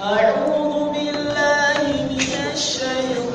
أعوذ بالله من الشيطان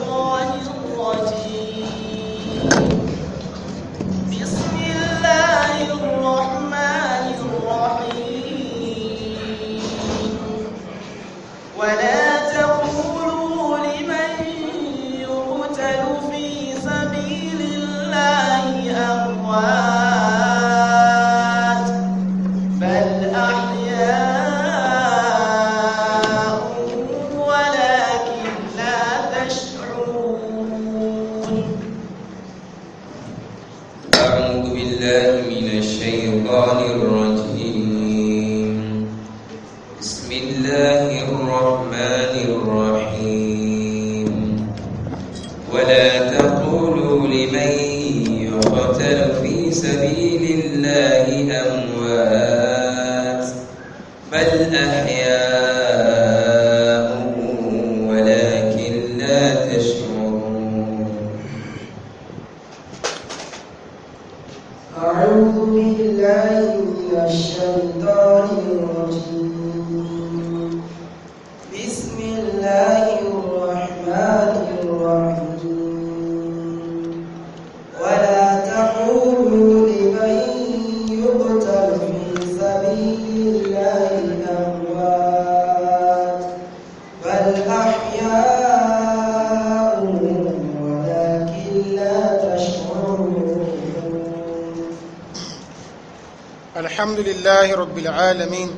الحمد لله رب العالمين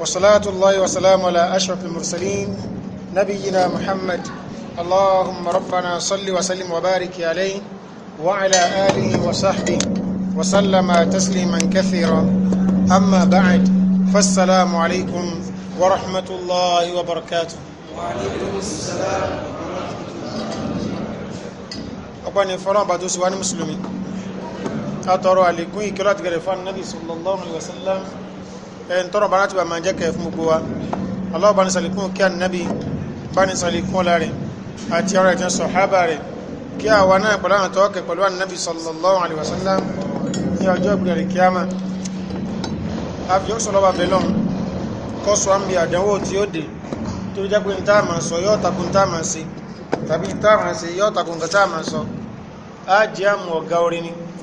وصلاة الله وسلام على أشرف المرسلين نبينا محمد اللهم ربنا صل وسلم وبارك عليه وعلى آله وصحبه وسلم تسليما كثيرا أما بعد فالسلام عليكم ورحمة الله وبركاته وعليكم السلام ورحمة الله وبركاته أبني فرام بدوس وأنا مسلمين atọrọ àlékún ìkírọ̀ àti gẹ̀rẹ̀ fún anábì sallallahu alaihi wasallam ẹn tọrọ bá láti bá máa jẹ́ kẹ́ fún gbogbo wa Allah bá ní sàlékún kí anábì bá ní sàlékún ọlá rẹ̀ àti ọ̀rọ̀ ìjọ sọ̀hábà rẹ̀ kí àwa náà pẹ̀lú àwọn pẹ̀lú anábì sallallahu alaihi wasallam ní ọjọ́ ìgbìyànjú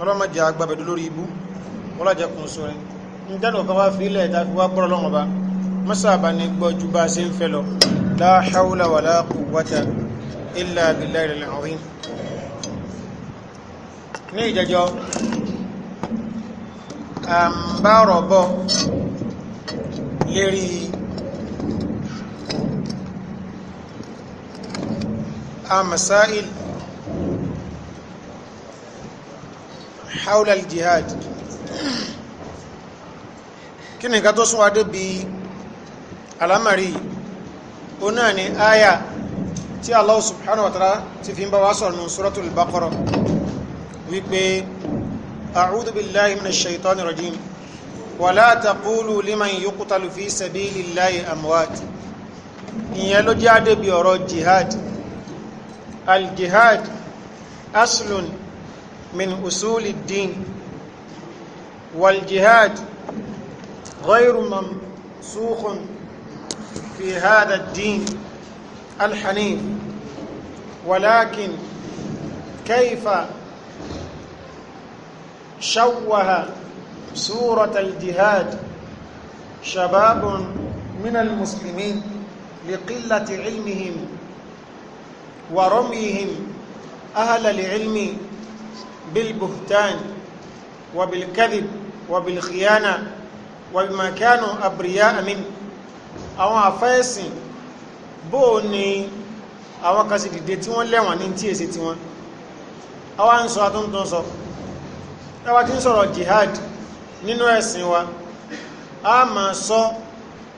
ọlọ́mọdé agbábẹ̀dú lórí ibú wọ́n lájẹ kùn sórin ń dẹ́nu ọ̀kan wá fílẹ̀ ìta fi wá gbọ́rọ̀ lọ́wọ́ bá mọ́sàbá ní gbọ́ ju bá a ṣe ń fẹ́ lọ la hawla wala quwwata illa billahi al-azim ní ìjẹjọ́ àmbárọ̀bọ̀ lérí àmàsáìlì haula al-jihad kí ni nǹkan tó sún wa débi alámàrí ó náà ni aya tí Allah subhanahu wa ta'ala ti fi ń bá wa sọ̀rọ̀ nù suratul Baqara wípé a'udhu billahi minash shaitani rajim wala taqulu liman yuqtalu fi sabilillahi amwat ìyẹn ló jẹ́ àdébí ọ̀rọ̀ jihad al-jihad aslun من أصول الدين والجهاد غير منسوخ في هذا الدين الحنيف ولكن كيف شوه سورة الجهاد شباب من المسلمين لقلة علمهم ورميهم أهل العلم بالبهتان وبالكذب وبالخيانة وبما كانوا أبرياء منه àwọn àfẹ́ẹ̀sìn bó o ní àwọn kan sì dìde tí wọ́n lẹ́wọ̀n ní tí èsì tí wọ́n àwọn ń sọ àtúntún sọ ẹwà tí ń sọ̀rọ̀ jihad nínú ẹ̀sìn wa a ma sọ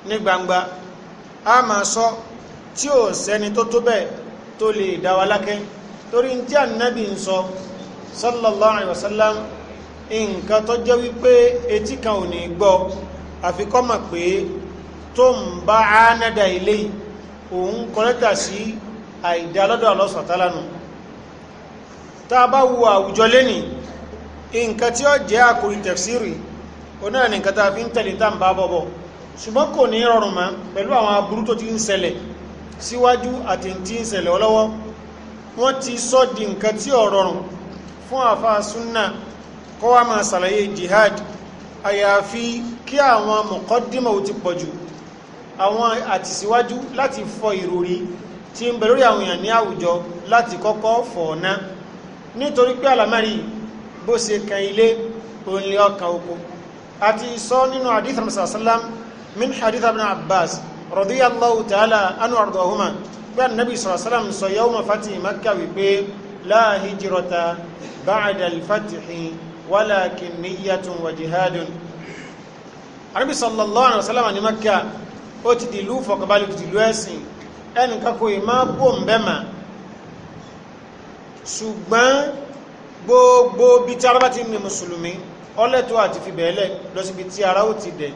ní gbangba a ma sọ tí ò sẹ́ni tó tó bẹ́ẹ̀ tó lè dáwalákẹ́ torí tí ànábì ń sọ sallallahu alaihi wasallam nǹkan tó jẹ́ wípé etí kan ò ní gbọ́ àfikọ́mọ̀ pé tó ń bá ánádà ilé òun kọ́lẹ́tà sí àìdá lọ́dọ̀ Allah sọ̀tálánù tá bá wo àwùjọ lẹ́ni nǹkan tí ó jẹ́ àkòrí tẹ̀fsírì ó náà nǹkan tá fi ń tẹ̀lé tá ń bá bọ̀bọ̀ ṣùgbọ́n kò ní rọrùn mọ́ pẹ̀lú àwọn aburú tó ti ń ṣẹlẹ̀ síwájú àti tí ń ṣẹlẹ̀ ọlọ́wọ́ wọ́n ti sọ́ di nǹkan tí ó fún àfá súnnà kọ́ wá máa sàlàyé jihad àyàfi kí àwọn mọ̀kọ́dímọ̀ ò ti pọ̀jù àwọn àtìsíwájú láti fọ ìròrí tí ń bẹ̀rẹ̀ àwọn èèyàn ní àwùjọ láti kọ́kọ́ fọ̀ọ̀ná nítorí pé àlàmárì bó ṣe kan ilé òǹlẹ̀ ọkàn oko àti sọ nínú hadith rasulullah min hadith ibn abbas radiyallahu ta'ala anhu ardahuma pé annabi sallallahu alaihi wasallam sọ yawma fatih makkah wípé لا هجرة بعد الفتح ولكن نية وجهاد Ànábì sallallahu alaihi wasallam ní Mẹ́kà ó ti dìlú fọ̀kàbálì dìlú ẹ̀sìn ẹni kakò ìmá bò ń bẹ́mà ṣùgbọ́n gbogbo bí tí ara bá ti mi mùsùlùmí ọlẹ́tọ́ àti fi bẹ̀ẹ́lẹ̀ lọ sí ibi tí ara ó ti dẹ̀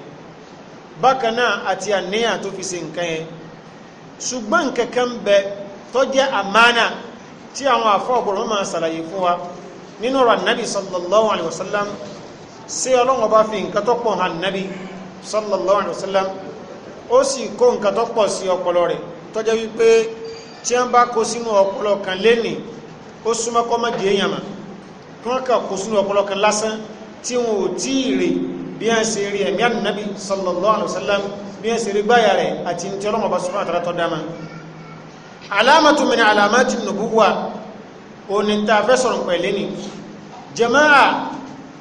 bákanáà àti àníyàn tó fi ṣe nǹkan yẹn ṣùgbọ́n nǹkan kan bẹ tó jẹ́ tí àwọn àfọ́ ọ̀gbọ̀rọ̀ máa sàlàyé fún wa nínú ọ̀rọ̀ annabi sallallahu alaihi wasallam sí ọlọ́run ọba fi nǹkan tó pọ̀ hàn annabi sallallahu alaihi wasallam ó sì kó nǹkan tó pọ̀ sí ọpọlọ rẹ̀ tó jẹ́ wípé tí wọ́n bá kó sínú ọpọlọ kan lénìí ó súnmọ́ kọ́ mọ́dé èèyàn mà kí wọ́n kà kó sínú ọpọlọ kan lásán tí wọn ò tí ì rè bí wọ́n ṣe rí ẹ̀mí annabi sallallahu alaihi wasallam bí wọ́n ṣe rí gbáyà rẹ̀ àti ní tí ọlọ́run ọba subhanahu wa ta'ala alamatu min alamati nubuwa oní ta fẹ́ sọ̀rọ̀ pẹ̀lẹ́ ni jama'a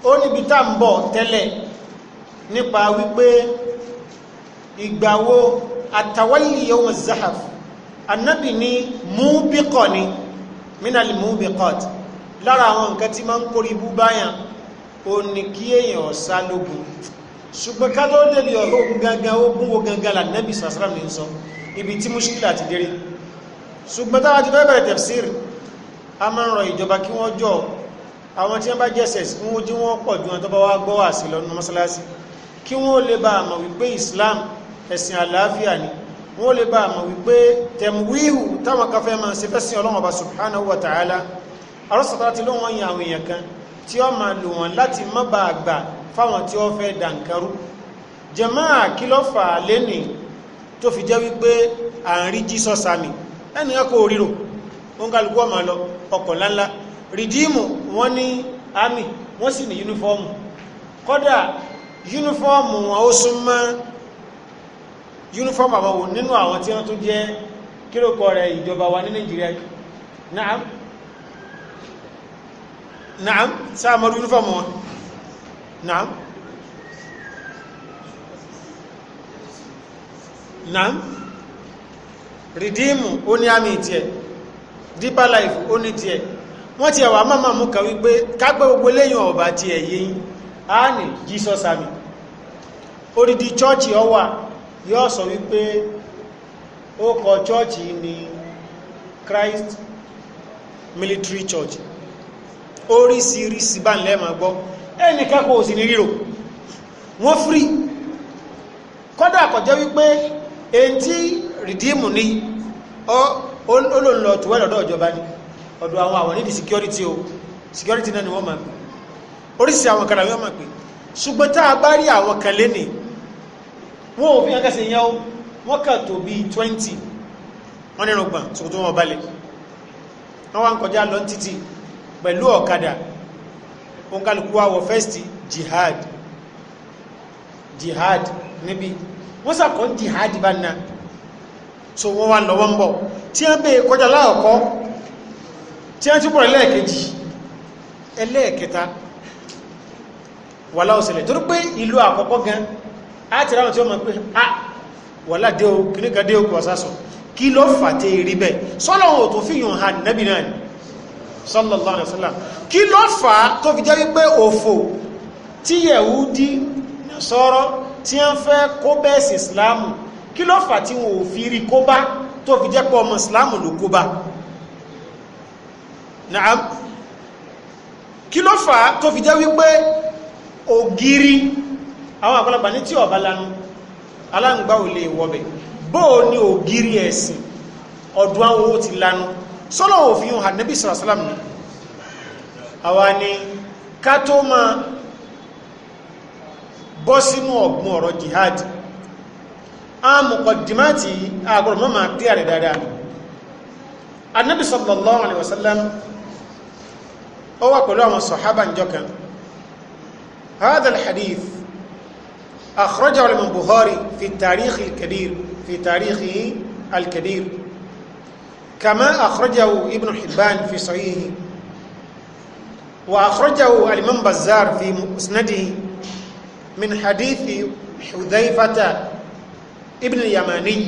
ó níbi tá ń bọ̀ tẹ́lẹ̀ nípa wípé ìgbàwo àtàwálì yawm az-zahaf annabi ni múbíkọ̀ ni mínàlì múbíkọ̀t lára àwọn nǹkan tí ma ń kórí bú báyàn ó ní kí èèyàn ṣùgbọ́n ká tó délé ọ̀rọ̀ ogun gangan ogun wo lànàbì sàásàrà mi ń sọ ibi tí múṣkìlà ti déré ṣùgbọ́n táwa ti bẹ̀rẹ̀ tafsir a máa ń rọ ìjọba kí wọ́n jọ àwọn tí wọ́n bá jẹ́sẹ̀ sí wọ́n jí wọ́n pọ̀ ju wọn tó bá wá gbọ́ sí lọ́nà mọ́sálásí kí wọ́n lè bá àmọ̀ wípé Islam ẹ̀sìn àlàáfíà ni wọ́n lè bá àmọ̀ wípé tẹ̀mùwíhù táwọn kafẹ́ máa ṣe fẹ́sìn wa ta'ala arọ́sọ̀tà ti ló wọ́n yan àwọn èèyàn kan tí ó máa lò wọ́n láti má bá àgbà fáwọn tí ó fẹ́ dànkarú ẹnìyàn kò ríro wọ́n ọmọ lọ ọkọ̀ láńlá rìdíìmù wọ́n ní àmì wọ́n sì ní yúnífọ́ọ̀mù kọ́dà yúnífọ́ọ̀mù wọn ó sún mọ́ yúnífọ́ọ̀mù àwọn nínú àwọn tí wọ́n jẹ́ kírókọ wa ní nigeria redeem oni ami tie deeper life oni tie won ti wa mama mu kan wi pe ka pe gbogbo leyin oba ti eyin ani jesus ami ori di church o wa yo so wi pe o ko church ni christ military church ori series ban le ma gbo eni ka ko si ni riro won free kodo akojo wi pe enti rìdíìmù ní olóòlò tùwẹ́ lọ́dọ̀ ìjọba ní ọ̀dọ̀ àwọn àwọn nídìí security o security náà ni wọ́n máa pè oríṣi àwọn kan àwọn máa pè ṣùgbọ́n tá a bá rí àwọn kan lẹ́nì wọ́n ò fi hàn kẹsẹ̀ yẹn o wọ́n kà tó bí 20 wọ́n nínú gbọ̀n ṣòkòtò wọn balẹ̀ wọ́n wá ń kọjá lọ títì pẹ̀lú ọ̀kadà òǹkàlùkù àwọ̀ first jihad jihad níbi wọ́n sàkọ́ jihad bá náà so wọ́n wá lọ wọ́n bọ̀ tí a bèè kọjá láàkọ́ tí a túbọ̀ ẹlẹ́ẹ̀kejì ẹlẹ́ẹ̀kẹta wà láòsẹ̀lẹ̀ torí pé ìlú àkọ́kọ́ gan á ti ráwọn tí ó mọ̀ pé a ah, wà ládé o kìníkà dé o kò sásọ kí ló fàtẹ rí bẹ́ẹ̀ sọ́lọ́wọ́ tó fi yùn hàn nẹ́bì náà ni sallallahu alaihi wasallam kí ló fà á tó fi jẹ́ wípé òfò tí yẹ̀wú dí sọ́rọ́ tí a ń fẹ́ kó bẹ́ẹ̀sì islamu kí ló fà tí wọn ò fi rí kó tó fi jẹ́ pé ọmọ islam ló kó bá kí ló fà tó fi jẹ́ wípé ògiri àwọn àgbàlagbà ní tí ọ̀bá lanu aláǹgbá ò lè wọbẹ̀ bóò ni ògiri ẹ̀sìn ọ̀dún àwọn owó ti lanu sọ́lọ̀ òfin hàn níbi ìsìlàsílámù ni àwa ni ká tó máa bọ́ sínú ọ̀gbun ọ̀rọ̀ jihad amukọ̀dìmáàtì agbọ̀rọ̀ mọ́ máa kílẹ̀ rẹ̀ dáadáa annabi sallallahu alaihi wasallam ó wà pẹ̀lú àwọn sọ̀hábà ń jọkan هذا الحديث أخرجه البخاري في التاريخ الكبير في تاريخه الكبير كما أخرجه ابن حبان في صحيحه وأخرجه الإمام بزار في مسنده من حديث حذيفة ابن اليماني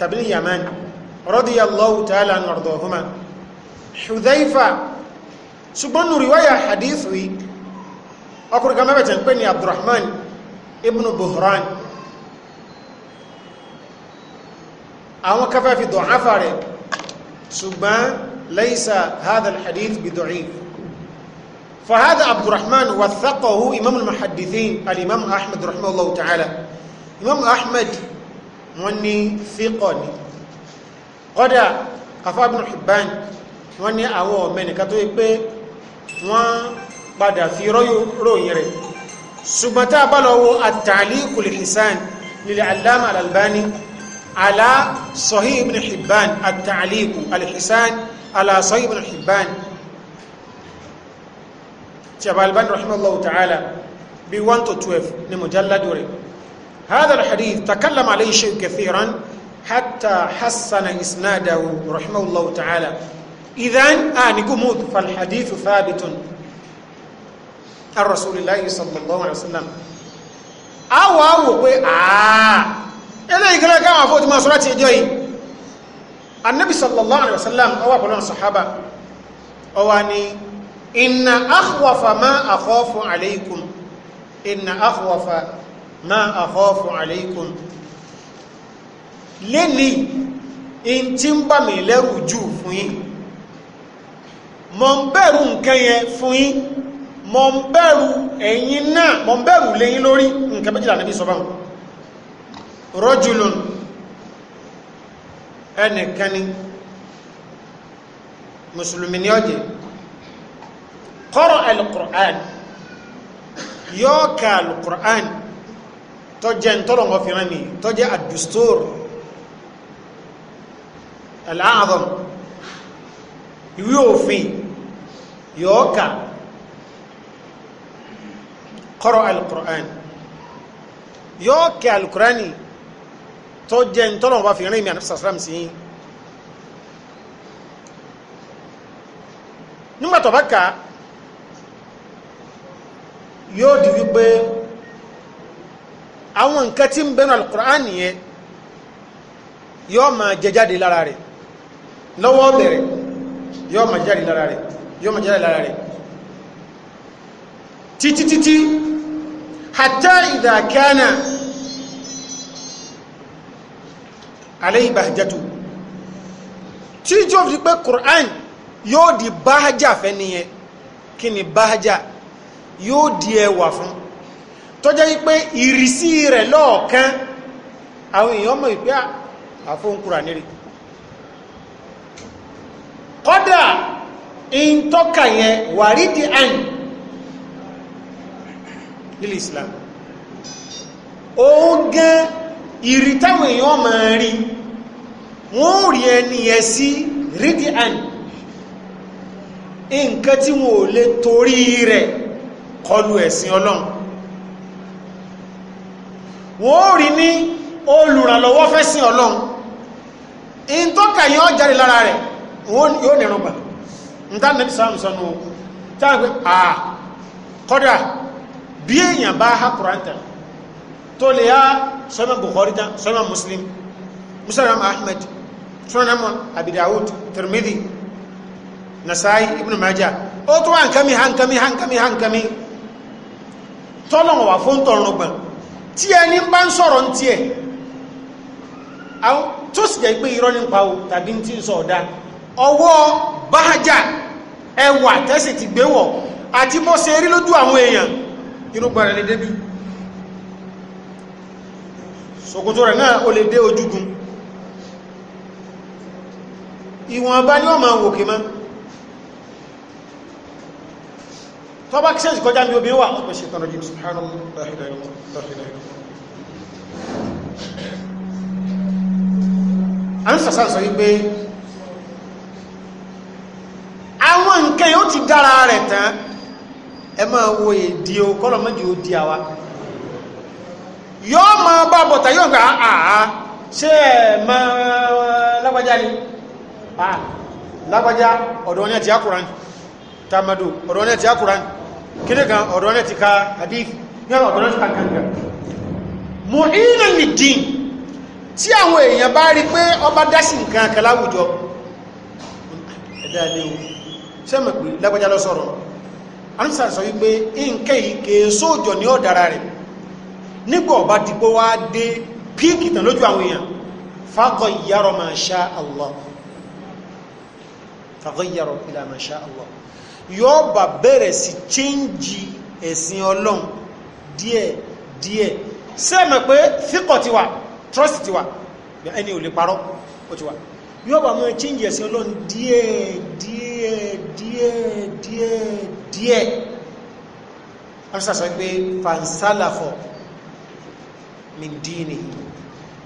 تابن اليمن رضي الله تعالى عنه وارضاهما حذيفة سبن رواية حديثي أقول كما بيتن بني عبد الرحمن ابن بهران أو كفى في ضعفة سبن ليس هذا الحديث بضعيف فهذا عبد الرحمن وثقه إمام المحدثين الإمام أحمد رحمه الله تعالى imam ahmed wọ́n ní fíkọ̀ ni kọ́dà afá ibn hibban wọ́n ní àwọn ọ̀mẹ́nìká tó yí pé wọ́n padà fi ròyìn rẹ̀ ṣùgbọ́n tá a bá lọ wo at-ta'liqul hisan lil allama al-albani ala sahih ibn hibban at-ta'liq al-hisan ala sahih ibn ta'ala bí 1 to 12 ni mujalladu rẹ̀ هذا الحديث تكلم عليه شيء كثيرا حتى حسن إسناده رحمه الله تعالى إذن آن قمود فالحديث ثابت الرسول الله صلى الله عليه وسلم أو أو آه إلا يقول لك أما فوت ما صلاة يجوي النبي صلى الله عليه وسلم أو أقول الصحابة أواني إن أخوف ما أخاف عليكم إن أخوف ma àkọ́ọ̀fù àlẹ́ikùn lè ní in tí ń bà mí lẹ́rù jù fún yín mọ̀ ń bẹ̀rù nǹkan yẹn fún yín mọ̀ ń bẹ̀rù ẹ̀yin náà mọ̀ ń bẹ̀rù lẹ́yìn lórí nǹkan méjìlá níbi sọ báwọn rọ́jùlùn ẹnìkan ni ni ọjẹ́ kọ́rọ̀ al-Qur'an yóò tọ́jẹ́ tọ́lọ̀ wọ́n fìran ní tọ́jẹ́ àdùstór aláàdọ̀m ìwé òfin yọ́ọ̀kà kọ́rọ̀ alkùrán yọ́ọ̀kà alkùránì tọ́jẹ́ tọ́lọ̀ wọ́n fìran ní àdùsàsíram sí nígbàtọ̀ bá ká yóò di wípé àwọn nǹkan tí ń bẹnu alukur'an yẹn yóò máa jẹ jáde lára rẹ̀ lọ́wọ́ bẹ̀rẹ̀ yóò máa jáde lára rẹ̀ yóò máa jáde lára rẹ̀ títí títí hatta idha kana alayhi bahjatu tí tí fi pé Qur'an yóò di báhájà fẹ́ nìyẹn kí ni báhájà yóò di ẹwà fún tó jẹ́ wípé ìrísí rẹ̀ lọ́ọ̀kan àwọn èèyàn mọ̀ ìpé àfóhunkura nírí kọ́dà in tọ́ka yẹn wàrídìí àìn nílì Islam òun gan ìrí táwọn èèyàn mọ̀ rí wọ́n rí ẹni ẹ̀ sí rídìí àìn nǹkan tí wọn ò lè torí rẹ̀ kọlu ẹ̀sìn Ọlọ́run wọ́n rí ní olùrànlọ́wọ́ fẹ́ sí ọlọ́run in tó kàyí ọ jáde lára rẹ̀ yóò nìrùn bà ń tá nẹ́bí sáàmù sọ́nù táwọn pé à kọ́dà bí èèyàn bá ha kùrántà tó lè yá sọ́mọ̀ Bukhari tán sọ́mọ̀ Muslim musallam Ahmed sọ́nà mọ́ Abi Dawud Tirmidhi Nasai Ibn Majah ó tó wà nkami hankami hankami hankami tọ́lọ̀ wà fún tọ̀rùn gbọ̀n tí ẹni bá ń sọ̀rọ̀ ń tiẹ̀ tó sì jẹ́ pé irọ́ nípa o tàbí tí ń sọ ọ̀dá ọwọ́ báhájà ẹwà tẹ́sì ti gbéwọ̀ àti bó ṣe rí lójú àwọn èèyàn irúgbà rẹ̀ lè débi ṣòkòtò rẹ̀ náà ó lè dé ojúgun ni ó máa tọ́bá kí sẹ́sì kọjá ní obìnrin wà ọ̀pẹ́ ṣe tọ́rọ yìí subhanallah a ń sàsà sọ wípé àwọn nǹkan yóò ti ẹ máa wo èdè o kọ́lọ̀ méjì ó di àwa yóò máa bá bọ̀tà yóò gbà àá ṣé ẹ máa lágbájá ni lágbájá ọ̀dọ̀ ọ̀nà ti á kùrán tamadu ọ̀dọ̀ ọ̀nà ti á kùrán kíni kan ọ̀dọ́ rẹ̀ ti ka hadith ní ọ̀dọ́ rẹ̀ ti ka kankan mùhínà nìdín tí àwọn èèyàn bá rí pé ọba dásì nǹkan kan láwùjọ ẹ̀dá ilé o sẹ́mọ̀ pé lágbájá lọ sọ̀rọ̀ ansa sọ wípé nǹkan yìí kèé sóòjọ ní ọ̀dára rẹ̀ nígbà ọba dìgbò wá dé píìkì tàn lójú àwọn èèyàn fàgọ́ ìyàrọ̀ ma sha yóò bá bẹ̀rẹ̀ sí chẹ́ǹjì ẹ̀sìn ọlọ́run díẹ̀ díẹ̀ sẹ́ẹ̀mẹ̀ pé fíkọ̀ ti wà trust ti wà ẹni ò lè parọ́ ó ti wà yóò bá mọ́ chẹ́ǹjì ẹ̀sìn ọlọ́run díẹ̀ díẹ̀ díẹ̀ díẹ̀ díẹ̀ afisa sọ pé fansalafọ mindini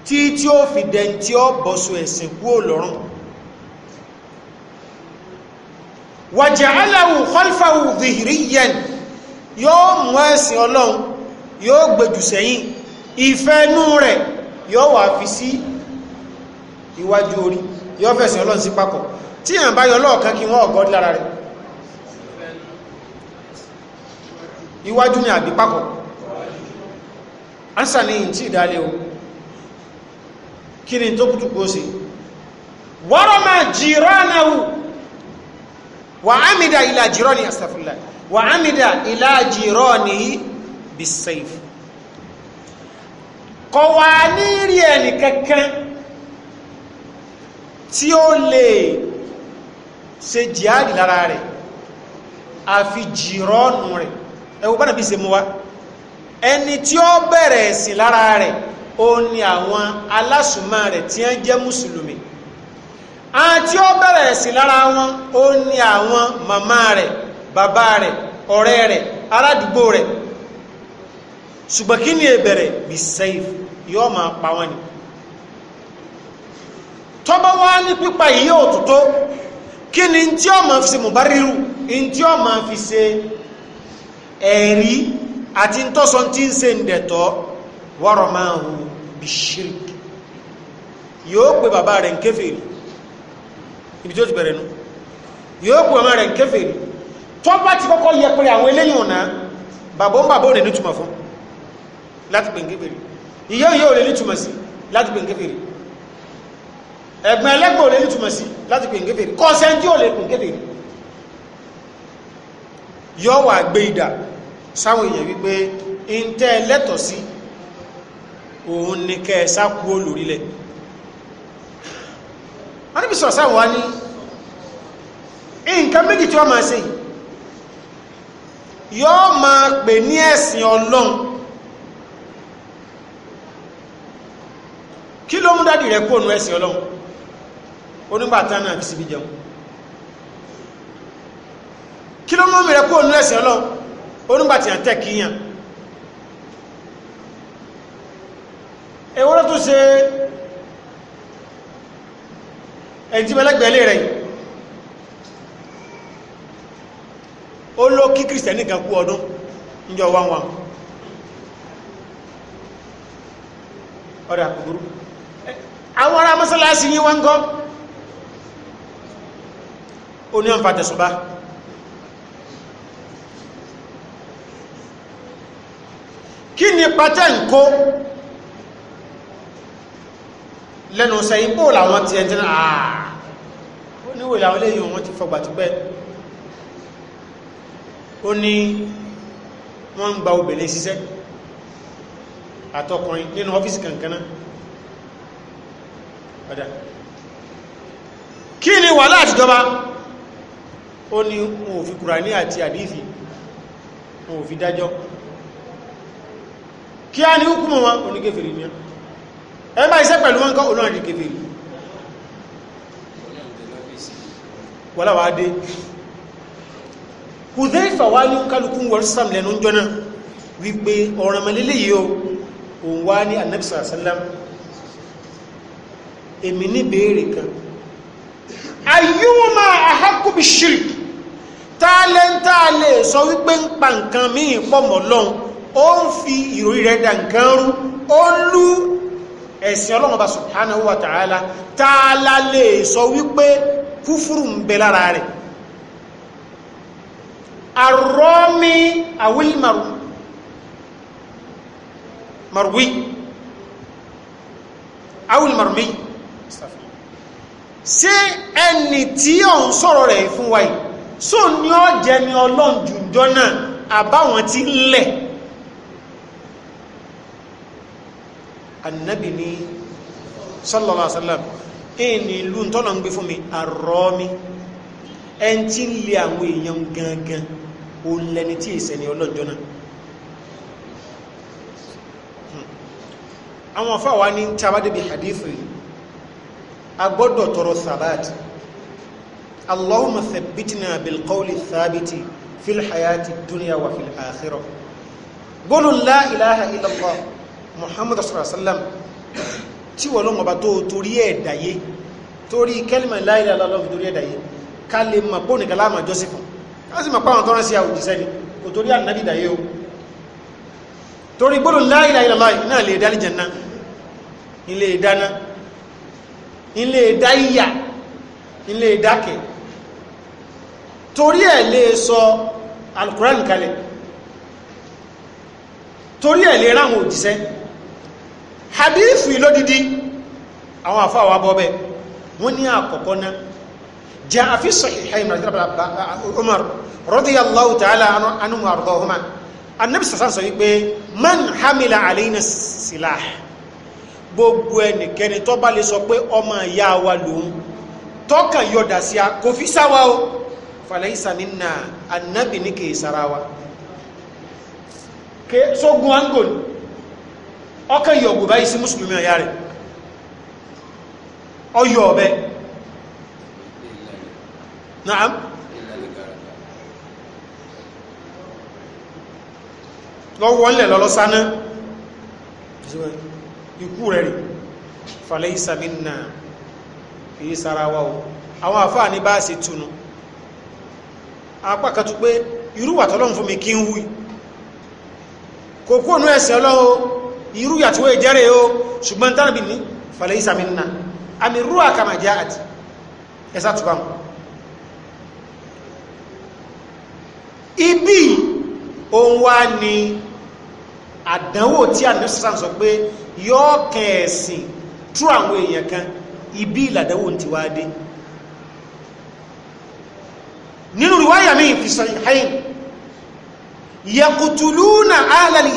tí tí ó fi dẹ̀ tí ó bọ̀sù ẹ̀sìn kúò lọ́rùn wàjàláwù kọlfàwù zihiriyan yóò mú ẹ̀sìn ọlọ́run yóò gbèjù sẹ́yìn ìfẹ́nú rẹ̀ yóò wà fi sí iwájú orí yóò fẹ̀sìn ọlọ́run sí papọ̀ tí yàn bá yọ lọ́ọ̀kan kí wọ́n ọ̀gọ́ lára rẹ̀ iwájú ni àbí papọ̀ ansa ni yìí tí ìdálé o kí ni tó kùtùkù ó sì wọ́rọ̀ máa jìránàwù وعمد إلى جيرانه أستغفر الله وعمد إلى جيرانه بالسيف قوانير يعني ككن tí ó lè ṣe jihadi lára rẹ̀ àfi jìrọ́nù rẹ̀ ẹwọ bá nàbí ṣe mú wá ẹni tí ó bẹ̀rẹ̀ sí lára rẹ̀ ó ní àwọn alásùnmọ́ rẹ̀ tí ó jẹ́ mùsùlùmí àti ó bẹ̀rẹ̀ sí lára wọn ó ní àwọn màmá rẹ̀ bàbá rẹ̀ ọ̀rẹ́ rẹ̀ aládùúgbò rẹ̀ ṣùgbọ́n kí ni ẹ̀bẹ̀rẹ̀ bí sẹ́yìn yóò máa pa wọ́n ni tọ́bọ̀ wá ní pípa yìí òtútó kí ni tí ó máa fi ṣe mùbáríru tí ó máa fi se ẹ̀rí àti ntọ́sọ tí ń ṣe ǹdẹ̀tọ́ wọ́rọ̀ máa hù bí pe bàbá rẹ̀ ń ibi tí ó ti bẹ̀rẹ̀ nu yóò pè ọmọ rẹ̀ ń kéfè tó bá ti kọ́kọ́ yẹ pé àwọn eléyìn ọ̀nà bàbá ń bàbá ò lè nítumọ̀ fún láti pè ń kéfè rí ìyá ìyá ò nítumọ̀ sí láti pè ń kéfè rí ẹ̀gbọ́n ẹlẹ́gbọ́n ò nítumọ̀ sí láti pè ń kéfè rí kọ́sẹ́ńtì ò pè ń kéfè rí yóò wà gbé ìdà sáwọn èèyàn wípé ń tẹ́ ẹlẹ́tọ̀ sí òun ni kẹ́ ẹ sá kú ó lórílẹ̀ anábì sọ̀sá wà ní nǹkan méjì tí wọ́n máa ṣe yóò máa pè ní ẹ̀sìn ọlọ́run kí ló mú dádì rẹ̀ kóònù ẹ̀sìn ọlọ́run onígbàtán náà fi síbi jẹun kí ló mú rẹ̀ kóònù ẹ̀sìn ọlọ́run onígbàtí àtẹ́ kíyàn ewúrẹ́ tó ṣe ẹ̀ntí mẹ́lẹ́gbẹ̀ẹ́lẹ́ rẹ̀ ó ló kí kìrìsìtẹ́nì kan kú ọdún níjọ wá wọn ọ̀dà kòkòrò àwọn ará mọ́sálásí yí wọ́n gọ́ ó ní ọ̀nfà tẹ̀sùbá kí ni pàtẹ́ ń kó lẹ́nu sẹ́yìn bóòlù àwọn ti ẹ̀jẹ̀ náà wò làwọn eléyìí wọn ti fọgbà ti pẹ́ ó ní wọ́n ń gba obìnrin ṣiṣẹ́ àtọkùnrin nínú ọ́fíìsì kankan náà padà kí ni wà láti jọba ó ní wọn ò fi kùránì àti àdífì wọn ò fi dájọ́ kí a ní hukumu wọn oníkèfèrè ní ẹ wọ́láwà dé Hudhaifa wá ní kálukú wọ́rọ̀sàm lẹ́nu jọna wípé ọ̀rọ̀ mẹ́lẹ́lẹ́ yìí o òun wá ní anẹ́bìsà sálám èmi ní béèrè kan ayyuma ahakku bishirk tálẹ́ntálẹ́ sọ wípé ń pa nǹkan míì pọ̀ mọ́ lọ́hun ó ń fi ìròyìn rẹ̀ dà nǹkan rú ó ń lú ẹ̀sìn Ọlọ́run Ọba subhanahu wa ta'ala tààlà lè sọ wípé kúfúrù ń bẹ lára rẹ̀ arọ́mí àwíl marwi àwíl marwi ṣé ẹni tí ọ̀ ń sọ̀rọ̀ rẹ̀ fún wa yìí só ní ọ́ jẹ́ ni ọlọ́run náà àbáwọn ti lẹ̀ annabi ni sallallahu alaihi wasallam ẹni ìlú tọ́nà ń gbé fún mi àrọ́ mi ẹn tí ń lè àwọn èèyàn gangan o lẹni tí ìsẹ̀ni ọlọ́jọ́ náà hmm. àwọn afáwa ní tàbádébì hadithu yìí a gbọ́dọ̀ tọrọ sabat allahumma thabbitna bil qawli thabiti fil hayati dunya wa fil akhirah qulu la ilaha illallah muhammadu sallallahu alaihi wasallam tí wọ́n lọ́wọ́ bá tó torí ẹ̀dàyé torí kẹ́lìmọ̀ láìlẹ̀ aláàlọ́fì torí ẹ̀dàyé ká lè mọ̀ pọ́ nìkan láàmà jọ́sí fún ká sì mọ̀ pàwọn tọ́rọ sí àwòjíṣẹ́ ni kò torí ànábì dàyé o torí gbọ́dọ̀ láìlẹ̀ náà lè dá níjẹ̀ náà ilé ìdáná ilé ìdá ìyà ilé ìdákẹ̀ torí ẹ̀ lè sọ hadithu ìlódìdí àwọn àfáà wa bọ́ bẹ́ẹ̀ wọ́n ní àkọ́kọ́ náà jẹ́ àfi sahihayn Umar radiyallahu ta'ala anhu ardahuma annabi sassan sọ wípé man hamila alayna silah gbogbo ẹnikẹ́ni tó bá lè sọ pé ọmọ ìyá wa lòun tọ́kà yọ̀dà sí a kò fi sáwá o fàlẹ́sà nínà annabi ní kèé sára wa sógun angon ọkàn yọ ọ̀gbọ̀ isi musulmi mùsùlùmí ọ̀yá rẹ̀ ọyọ ọ̀bẹ naam lọ́wọ́ ńlẹ̀ lọ́lọ́sáná ikú rẹ̀ rí falẹ̀ ìsàmì náà kìí sára wá o àwọn àfáà ní bá ṣe túnú apá kàtù pé fún mi kí ń ẹ̀sẹ̀ irú yàtí wọ́n jẹ́rẹ̀ o ṣùgbọ́n tánàbí ní falẹ̀ ìsàmìnà àmì rú àkàmà já àti ẹsà tó bá mú ibi òun wá ní àdánwò tí àdínsàn sọ pé yọ́ kẹ̀ẹ̀sìn tú àwọn èèyàn kan ibi ìlàdánwò ti wá dé nínú ríwáyà mi fi sọ ìhẹ́yìn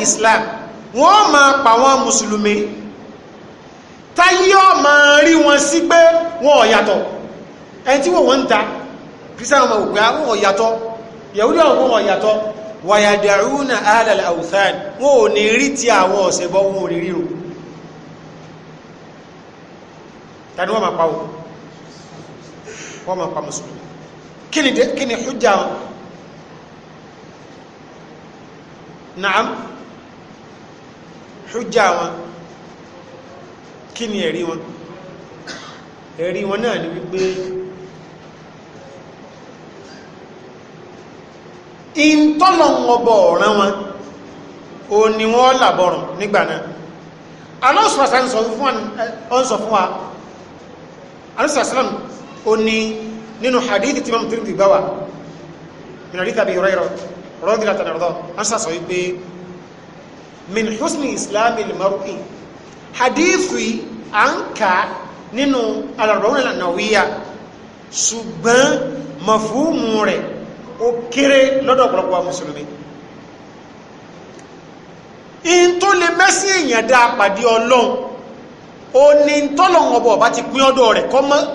islam wọ́n máa pa wọ́n mùsùlùmí táyé ọmọ rí wọn sí pé wọn ò yàtọ̀ ẹni tí wọ́n wọ́n ń ta kristian ọmọ òpè àwọn ò yàtọ̀ yahudi àwọn ò wàyàdàrúnà alàlà àwùsàn wọn ò ní rí ti àwọn ọ̀sẹ̀ bọ́ wọ́n máa pa wọn hujja wọn kí ni ẹ̀rí wọn ẹ̀rí wọn náà ni wípé ìntọ́lọ̀ ọbọ̀ ọ̀ràn wọn o ni wọ́n làbọ̀rùn nígbà náà alọ́sùwàsá ń sọ fún wa alọ́sùwàsá o ni nínú hadithi tí wọ́n mú tí ó gbà wà min hadithi Abi Hurairah rọ́dìlátà nàrọ́dọ́ min husni islami al-mar'i hadithi à ń kà nínú al-arba'un an-nawawiyya ṣùgbọ́n mafhumu rẹ̀ ó kéré lọ́dọ̀ ọ̀pọ̀lọpọ̀ wa mùsùlùmí in tó lè mẹ́sí èèyàn dá pàdé ọlọ́run ó ní tọ́lọ̀ ọbọ̀ bá ti pín ọdọ̀ rẹ̀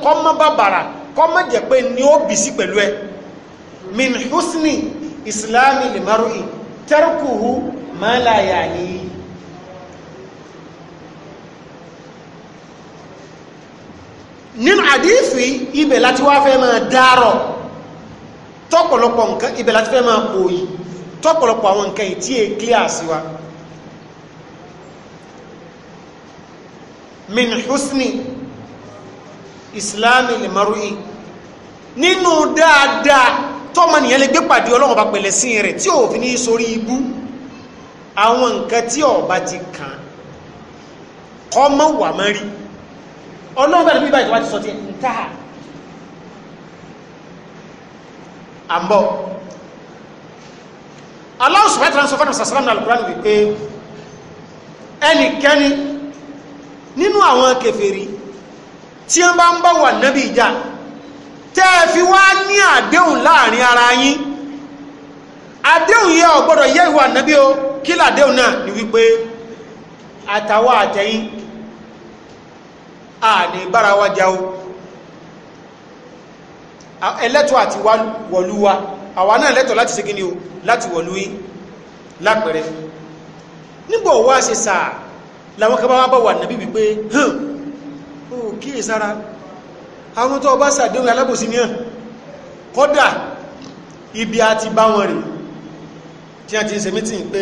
kọ́ mọ́ bàbàrà kọ́ jẹ́ pé ní ó bì sí pẹ̀lú ẹ min husni islami limaru'i tarkuhu ما لا يعني nínú àdífì ibẹ̀ láti wá fẹ́ máa dárọ̀ tọ́pọ̀lọpọ̀ nǹkan ibẹ̀ láti fẹ́ máa pòyì tọ́pọ̀lọpọ̀ àwọn nǹkan ìtí è clear sí wa min husni islami lè marui nínú dáadáa tọ́mọ nìyẹn lè gbé pàdé ọlọ́run bá pẹ̀lẹ̀ sí rẹ̀ tí ò fi ní sórí ibú àwọn nǹkan tí ọba ti kàn kọ́ mọ́ wà mọ́ rí ọlọ́run bẹ̀rẹ̀ bíbá ìjọba ti sọ ti ń tà á ń bọ̀ Allah subhanahu wa ta'ala sàsàlámù al-Qur'an wípé ẹnikẹ́ni nínú àwọn kèfèrí tí wọ́n bá ń bá wà nábì ìjà tẹ́ fi wá ní àdéhùn láàrin ara yín àdéhùn yẹ ò yẹ ìwà nábì o kí làdéhùn náà ni wípé àtàwà àtẹ̀yìn a ní bára wa jà o ẹlẹ́tọ̀ àti wọ̀lú wa àwa náà lẹ́tọ̀ láti ṣe gíní o láti wọ̀lú yí lápẹẹrẹ nígbà wá ṣe sàá làwọn kan bá bá wà nàbí wípé hàn ó kíyè sára àwọn tó bá ti ń ṣe mítìn pé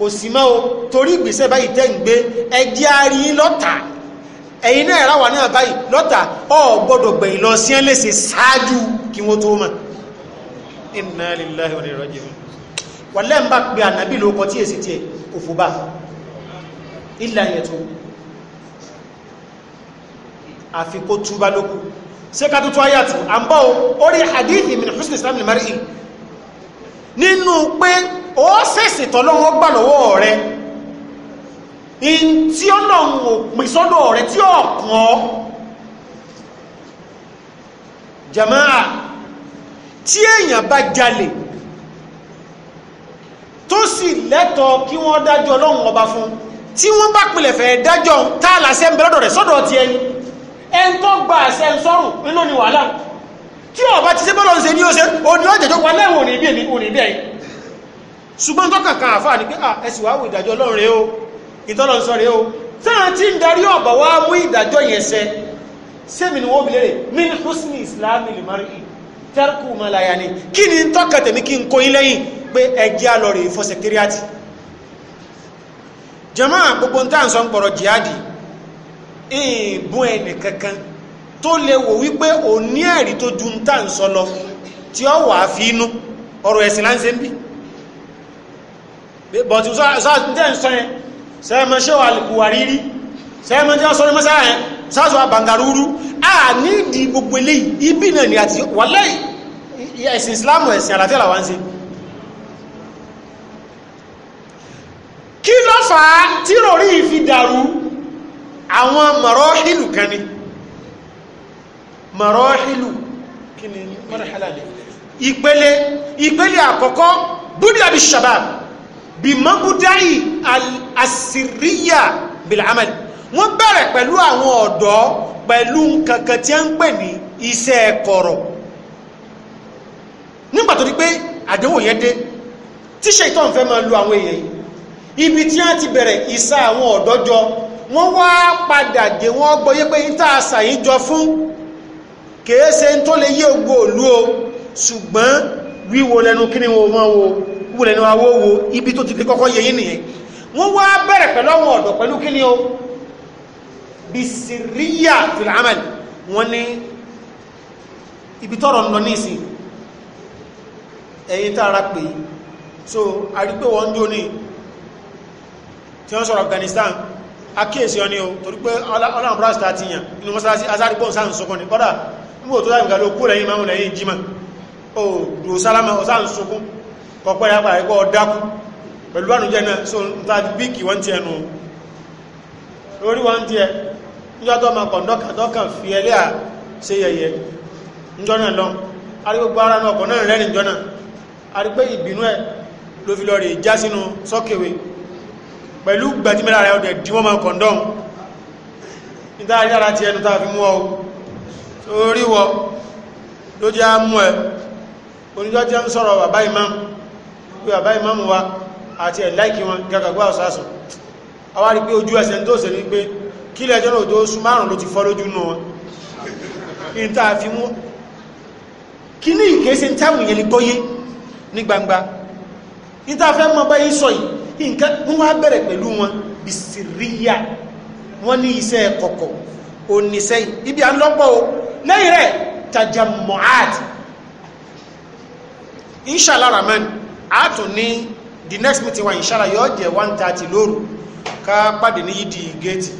kò sí mọ́ o torí ìgbésẹ̀ báyìí tẹ́ ń gbé ẹjẹ́ arí lọ́tà ẹ̀yin náà ẹ̀ráwà náà báyìí lọ́tà ọ̀ gbọ́dọ̀ gbẹ̀yìn lọ sí ẹ́ lèṣe ṣáájú kí wọ́n tó mọ̀ inna lillahi wa inna ilaihi raji'un wà lẹ́ẹ̀ ń bá pe ànábì ló kọ tí èsì tiẹ̀ kò bá ilà yẹn tó àfi kó ṣé ká tó ayàtù à ń bọ́ o ó hadithi min husni islam nínú pé ó sèsì tọ́lọ́wọ́ gbà lọ́wọ́ rẹ in tí ó lọ ń òpin sọ́dọ̀ rẹ tí ó kàn ọ́ jamaa tí èèyàn bá jalè tó sì lẹ́tọ̀ọ́ kí wọ́n dájọ́ ọlọ́run ọba fún tí wọ́n bá pilẹ̀ fẹ́ dájọ́ tá a làṣẹ ń bẹ lọ́dọ̀ rẹ̀ sọ́dọ̀ ti ẹni ẹni tó gba àṣẹ ń sọ́rùn nínú ni wàhálà tí ọba ti ṣe bọ́lọ̀ ń ṣe ní ọṣẹ́ òní ọjẹ́jọ́ wà lẹ́wọ̀n òní ìbí òní ìbí ṣùgbọ́n tó kàkàn àfáà ní pé ẹ̀sì wà wù ìdájọ́ ọlọ́run o ìtọ́lọ̀ ń o táà tí ń darí ọ̀bà wá mú ìdájọ́ yẹn ṣẹ sẹ́mi ni wọ́n bìlẹ̀ ní húsní ìsìláàmì lèmárì tẹ́rkù malaya ni kí ni tọ́ka tẹ̀mí kí n kó yín lẹ́yìn pé ẹjẹ́ alọ́rẹ̀ ìfọ́ sẹkíríàtì jàmáà gbogbo ń tà ń sọ ń pọ̀rọ̀ jihadi ìbún ẹnì kankan tó lè wò wípé ò ní ẹ̀rí tó ju ta ń sọ lọ tí ó wà fi inú ọ̀rọ̀ ẹ̀sìn láńṣẹ́ ń bí bọ̀tí sọ́ọ̀tẹ́ ń sọ yẹn sẹ́ẹ̀mọ́ ṣe wà lùkùwà rírí sẹ́ẹ̀mọ́ jẹ́ sọ́rí mọ́sára yẹn sáàsù àbàngarúrú ẹ̀sìn Islam ẹ̀sìn àlàtẹ́là wá ń ṣe kí ló tí rọrí fi dàrú àwọn mọ̀rọ̀ ìlú kan ni mọ̀rọ̀hìlù kí ni mọ̀rọ̀hìlà ni ìpele ìpele àkọ́kọ́ búdí àbí shabab bí mọ́gúdáì àsìríyà bìlámàlì wọ́n bẹ̀rẹ̀ pẹ̀lú àwọn ọ̀dọ́ pẹ̀lú nkankan tí a ń pè ní iṣẹ́ kọ̀rọ̀ nígbà tó di pé àdéhùn yẹn dé tí ṣètọ́ fẹ́ máa lu àwọn èèyàn ibi tí wọ́n ti bẹ̀rẹ̀ ìṣà àwọn ọ̀dọ́ jọ wọ́n wá padà dé wọ́n gbọ́yé pé ń tà àṣà yìí jọ fún kèése tó lè yí ogbó òlú o ṣùgbọ́n wíwo lẹ́nu kí ni wo mọ́ wo wíwo lẹ́nu awó wo ibi tó ti fi kọ́kọ́ yẹ yín nìyẹn wọ́n wá bẹ̀rẹ̀ pẹ̀lú àwọn ọ̀dọ́ pẹ̀lú kí ni o bisiriya filamani wọ́n ní ibi tọ́rọ̀ ń lọ ní ìsìn ẹ̀yìn tààrà pé so a rí pé wọ́n jó ní tí wọ́n sọ̀rọ̀ Afghanistan akíyèsí ọ ní o torí pé ọlọ́run brazil ti yàn inú mọ́sálásí azárígbọ́n sáà ń sọkọ́ ní kọ́dà gbogbo tó dáìgbà ló kú lẹ́yìn máa lẹ́yìn jímọ̀ o dùn sálámà ọ̀sá ń sunkún kọpẹ́ yàpá ẹgbọ́ ọ̀dákú pẹ̀lú ànújẹ́ náà so n ta bí kì wọ́n ti ẹnu lórí wọ́n ti ẹ níjọ́ ma kọ̀ǹdọ́kà fi ẹlẹ́ à ṣe yẹyẹ níjọ́ náà lọ arígbogbo ara náà ọkọ̀ náà rẹ́ níjọ́ náà arígbé ìbínú ẹ ló fi lọ rè já sínú sọ́kèwé pẹ̀lú rẹ̀ ọdẹ̀ oríwọ ló jẹ́ mú ẹ oníjọ́ jẹ́ ń sọ̀rọ̀ bàbá ìmáàmù pé bàbá ìmáàmù wa àti ẹ̀láìkí wọn gàgàgbà ọ̀sásùn àwárí pé ojú ẹsẹ̀ tó sẹ̀rí pé kí lẹ́jọ́ náà tó sún márùn ló ti fọ́ lójú wọn fi kí ní a iṣẹ́ kọ̀kọ̀ lẹ́yìn rẹ̀ tajammu'at inshallah rahman a tún ní the next meeting wa inshallah yóò jẹ́ 1:30 lóru ká pàdé ní yídi gẹ́ẹ̀tì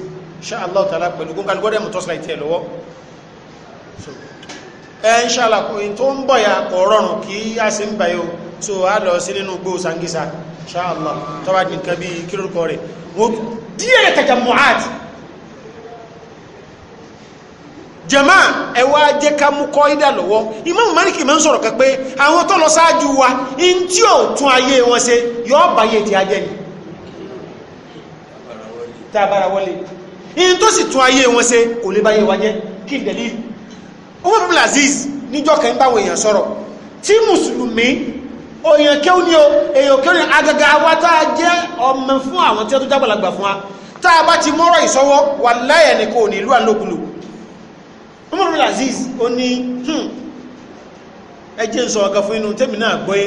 inshallah ta'ala pẹ̀lú gúnkálugọ́dẹ̀ mọ̀tọ́sílá ìtẹ́ lọ́wọ́ inshallah tó ń bọ̀ ya ọ̀rọ̀rùn kí a sì ń báyọ so a lọ sí nínú gbó sangisa inshallah tọ́wà nìkan bí kírórúkọ rẹ̀ díẹ̀ tajammu'at jama ẹ wá jẹ́ ká mú kọ́ ìdá lọ́wọ́ Imam Maliki máa ń sọ̀rọ̀ kan pé àwọn tó lọ ṣáájú wa in tí ò tún ayé wọn ṣe yóò báyé ti ajẹ́ ni tá a bára wọlé in tó sì tún ayé wọn ṣe kò lè báyé wa jẹ́ kí n dẹ̀lí Umar bin Aziz níjọ́ kan báwọn èèyàn sọ̀rọ̀ tí mùsùlùmí òyìn kéwù ni o èèyàn kéwù ni agaga wa tá a jẹ́ ọmọ fún àwọn tí wọ́n tó jágbàlagbà fún wa tá a bá ti mọ́rọ̀ ìsọwọ́ wà láyẹ̀ ní kò ní ìlú àlòkulù Umar bin Aziz ó ní hmm, ẹjẹ́ ń sọ ọ̀gá fún inú tẹ́mi náà gbọ́yé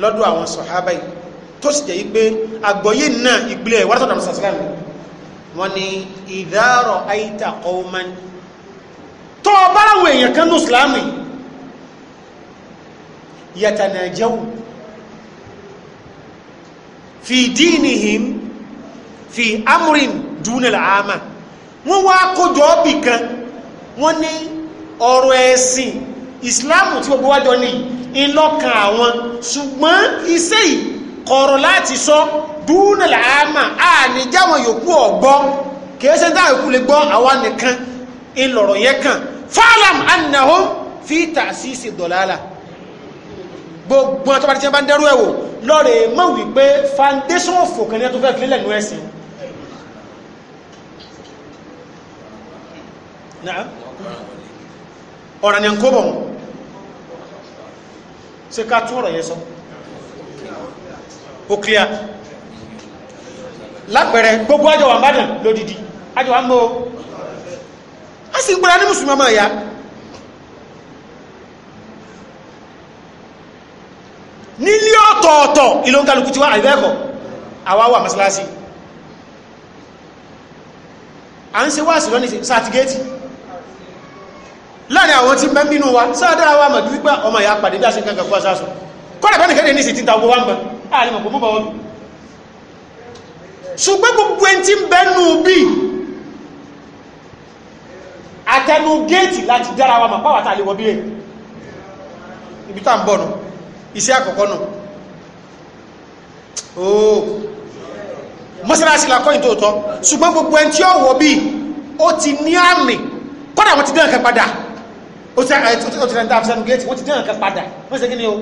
lọ́dọ̀ àwọn sọ̀hábà yìí tó sì jẹ́ pé àgbọ́yé náà ìgbìlẹ̀ wàtàdà mùsàsílámù wọ́n ní ìdárọ̀ àìta qauman tó bá àwọn èèyàn fi dínihim fi amrin dúnà làámà wọ́n wá kójọ́ bìkan wọ́n ní ọ̀rọ̀ ẹ̀sìn ìsìláàmù tí gbogbo wájọ ní ìlọ́kàn àwọn ṣùgbọ́n iṣẹ́ yìí kọ̀rọ̀ láti sọ dúnàlà àmà àníjáwọn yòókù ọ̀gbọ́ kìí ṣe dáa yòókù lè gbọ́ àwa nìkan ìlọ̀rọ̀ yẹn kàn fáàlàm ànàhó fi tàṣìṣe dọ̀làlà gbogbo àtọ́bàtí foundation of òkè ní ẹ tó fẹ́ ọ̀rọ̀ ni kó bọ̀ ṣe ká tún ọ̀rọ̀ yẹn sọ ó clear lápẹẹrẹ gbogbo àjọ wà bádàn lódìdí àjọ wà mọ́ a sì ń gbọ́ra ní mùsùlùmí ọmọ ìyá nílé ọ̀tọ̀ọ̀tọ̀ ìlú ń kálukú ti wá àìbẹ́ẹ̀kọ̀ àwa wà mọ́sálásí ń ṣe wá sí lọ́nà sáàtì láàrin àwọn tí mẹ́m nínú wa sáadára wa mọ̀ wípé ọmọ ìyá pàdé bí a ṣe ń kankan fún aṣáṣù kọ́nà bá nìkan ní sí títà owó wá ń bọ̀ ààrin mọ̀ mọ́ wọn ṣùgbọ́n gbogbo ẹni tí ń bẹ nù bí àtẹnu géètì láti dára wa mọ̀ pàwà lè wọ bí ibi tá ń kọ́yìn tó ṣùgbọ́n gbogbo ẹni tí ó wọ bí ó ti ní àmì kọ́nà àwọn ti dẹ́ nǹkan padà ó ti àkàrẹ tí ó ti rẹ̀ ń dáàbò sẹ́nu géètì wọ́n ti dẹ́rẹ̀ kan padà wọ́n ṣe kí ni o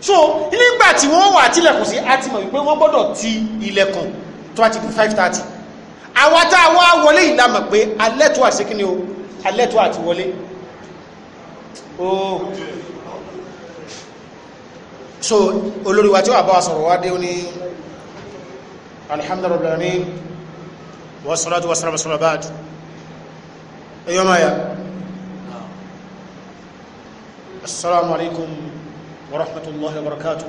so nígbà tí wọ́n wà tilẹ̀kùn sí àti mọ̀ wípé wọ́n gbọ́dọ̀ ti ilẹ̀kùn tó bá ti di five thirty àwa tá a wá wọlé ìlànà pé alẹ́ tó àti ṣe kí ni o alẹ́ tó àti wọlé o so olórí wa tí wà bá wa sọ̀rọ̀ wá dé ó ní alhamdulilayi wa salatu wa salamu ala ba'du ẹ̀yọ́ máa yà assalamu alaikum wa rahmatullahi wa barakatuh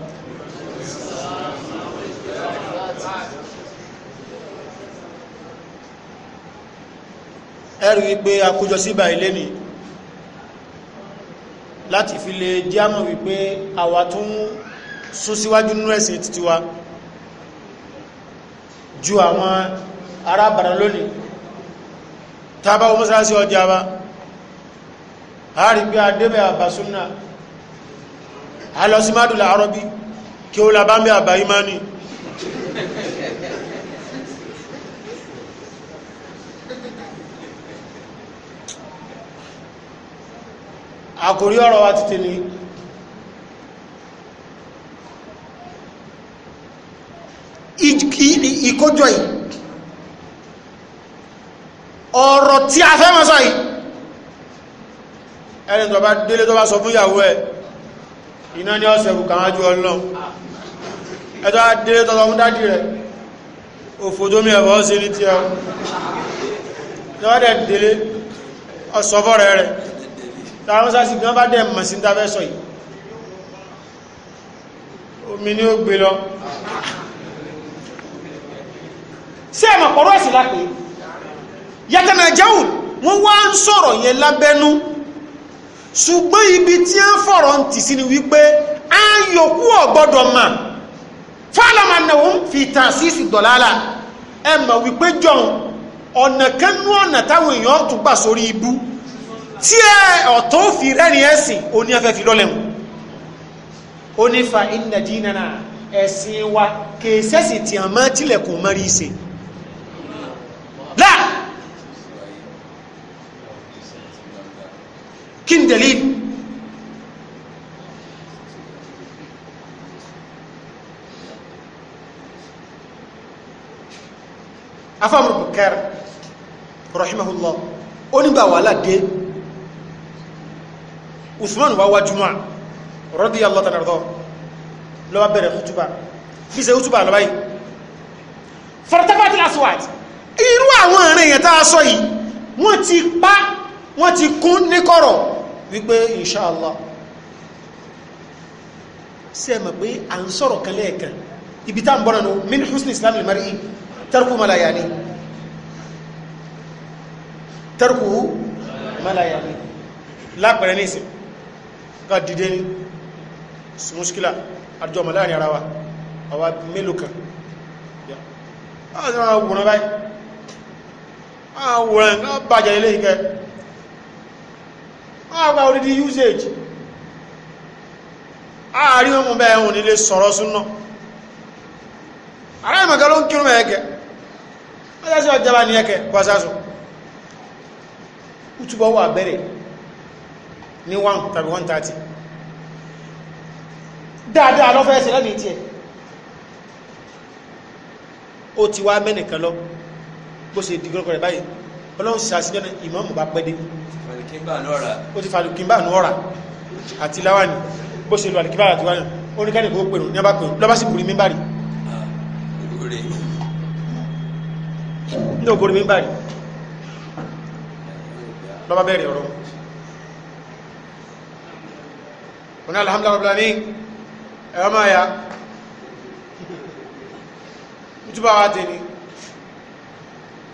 ẹ̀rù wípé akójọ sí bàí lé ní láti fi lè jámọ̀ wípé àwa tún sún síwájú nínú ẹ̀sìn títí ju àwọn arábàrá lónìí tàbá o mọ́sálásí ọjà bá a rí pé adébẹ̀ àbásúnà alọ́símádù làárọ̀ bí kí o làbá mẹ́ àbá imani àkòrí ọ̀rọ̀ wa títí ni ìkójọ yìí ọ̀rọ̀ tí a fẹ́ mọ́ sọ yìí ẹni tó bá délé tó bá sọ fún ìyàwó ẹ̀ iná ní ọ̀sẹ̀ kù kàwọn ajú ọlọ́n ẹjọ́ délé tó sọ fún dádì rẹ̀ òfòdómi ẹ̀bọ̀ sí ní tí ọ lọ́dẹ̀ délé ọ̀sọ̀fọ́ rẹ̀ rẹ̀ tàwọn sásì gan bá dẹ̀ mọ̀ sí tafẹ́ sọ yìí ẹ̀mọ̀ pọ̀rọ̀ ẹ̀sìn lápẹ́ yàtànà jẹun wọ́n wá ń sọ̀rọ̀ yẹn lábẹ́nú ṣùgbọ́n ibi tí a ń fọ̀rọ̀ ń tì sí ni wípé a ń yòókù ọ̀gbọ́dọ̀ mà fálàmà náà ń fi tàn sí ìsìndọ̀lára ẹ mọ̀ wípé jọ̀hún ọ̀nà kánú ọ̀nà táwọn èèyàn tún gbà sórí ibú tí ẹ ọ̀tọ́ fi rẹ́rìn ẹ̀sìn òní afẹ́ fi lọ́lẹ̀ mu onífa ìnàjínà ẹ̀sìn wa kèsẹ́sì tí a máa tilẹ̀kùn mọ́rí ìsìn kí ni dalil afọ́mù bukar rahimahullah ó nígbà wàhálà dé usman wá wá jùmọ́ radiyallahu ta'ala anhu lọ́wọ́ bẹ̀rẹ̀ kútùbà fi ṣe kútùbà lọ́wọ́ yìí fartafatil aswat irú àwọn ìrìn ẹ̀ta sọ yìí wọ́n ti pa wọ́n ti kún níkọ̀rọ̀ wípé inṣáàlá sí ẹ̀mọ̀ pé à ń sọ̀rọ̀ kan lẹ́ẹ̀kan ibi tá ń bọ́nà nù min husni islam al-mar'i tarku malayani tarku malayani lápẹ̀rẹ̀ ní ìsìn ká dìde ní muskila àjọ mọ̀láàrin ara wa àwa mélòó kan àwọn àwòrán báyìí àwòrán bàjẹ̀ ilé ìkẹ́ àgbà orídi usage ààrí wọn mú bẹ́ẹ̀ hùn nílé sọ̀rọ̀ súnà ará ìmọ̀gá ló ń kírun ẹ̀ẹ́kẹ́ mẹ́sàsí ọjọ́bà ní ẹ̀kẹ́ kwasásù útúbọ̀ wà bẹ̀rẹ̀ ní 1 tàbí 130 dáadáa lọ́fẹ́ ẹ̀sẹ̀ lẹ́mìí tí ẹ̀ ó ti wá mẹ́nìkan lọ bó ṣe dìgbọ́kọ̀ rẹ̀ báyìí ọlọ́run sì sàṣíjọ́ ìmọ̀mù bá pẹ́ dé ó ti fàlù kìmbà ní ọ̀rà àti láwà ní bó ṣe lọ àlìkìbà àti wáyé oníkàlẹ̀ kó pèrò ní abápèrò lọ́bá sí borí mímbàrí ní ògbórí mímbàrí lọ́bá bẹ̀rẹ̀ ọ̀rọ̀ wọn alhamdulillah rabbil alamin ẹ̀rọ máa ya ìtúbà wá tẹ́ ni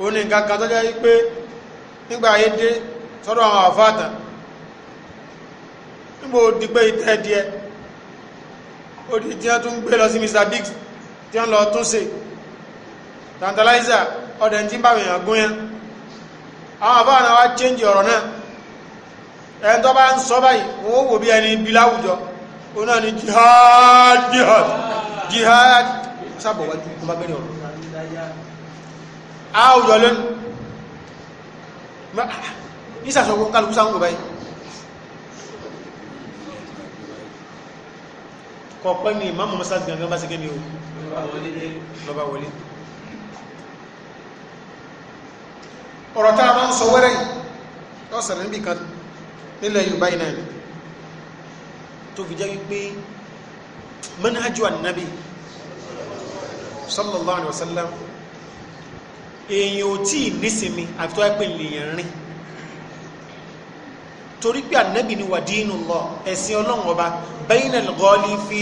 ó ní nǹkan kan tó jẹ́ pé nígbà ayé dé sọ́dọ̀ àwọn àfáàtà níbo dìgbé ìtẹ́ díẹ̀ ó di tí wọ́n tún gbé lọ sí Mr Biggs tí wọ́n lọ tún ṣe tantalizer ọdẹ̀ tí ń bá èèyàn gún yẹn àwọn àfáàtà wá change ọ̀rọ̀ náà ẹni tó bá ń sọ báyìí wọ́n wò bí ẹni bí láwùjọ ó náà ni jihad jihad jihad sábọ̀ wájú kó bá bẹ̀rẹ̀ ọ̀rọ̀ àwùjọ ìsàsọ̀gbọ́n kálukú sáwọn gbogbo báyìí kọ̀pẹ́ ni ìmáàmù mọ́sáàtì gangan bá sí gẹ́ ni o lọ́bá wọlé ọ̀rọ̀ tá a máa ń sọ wẹ́rẹ́ yìí lọ́sẹ̀rẹ̀ níbi kan nílẹ̀ Yorùbá yìí náà tó fi jẹ́ wípé manhaju annabi sallallahu alaihi wasallam èèyàn ò tí ì nísinmi àfi tó wáyé rìn torí pé ànábì ni wàdínú lọ ẹ̀sìn ọlọ́run ọba bẹ́yìn ẹ̀lọ́ọ̀lì fi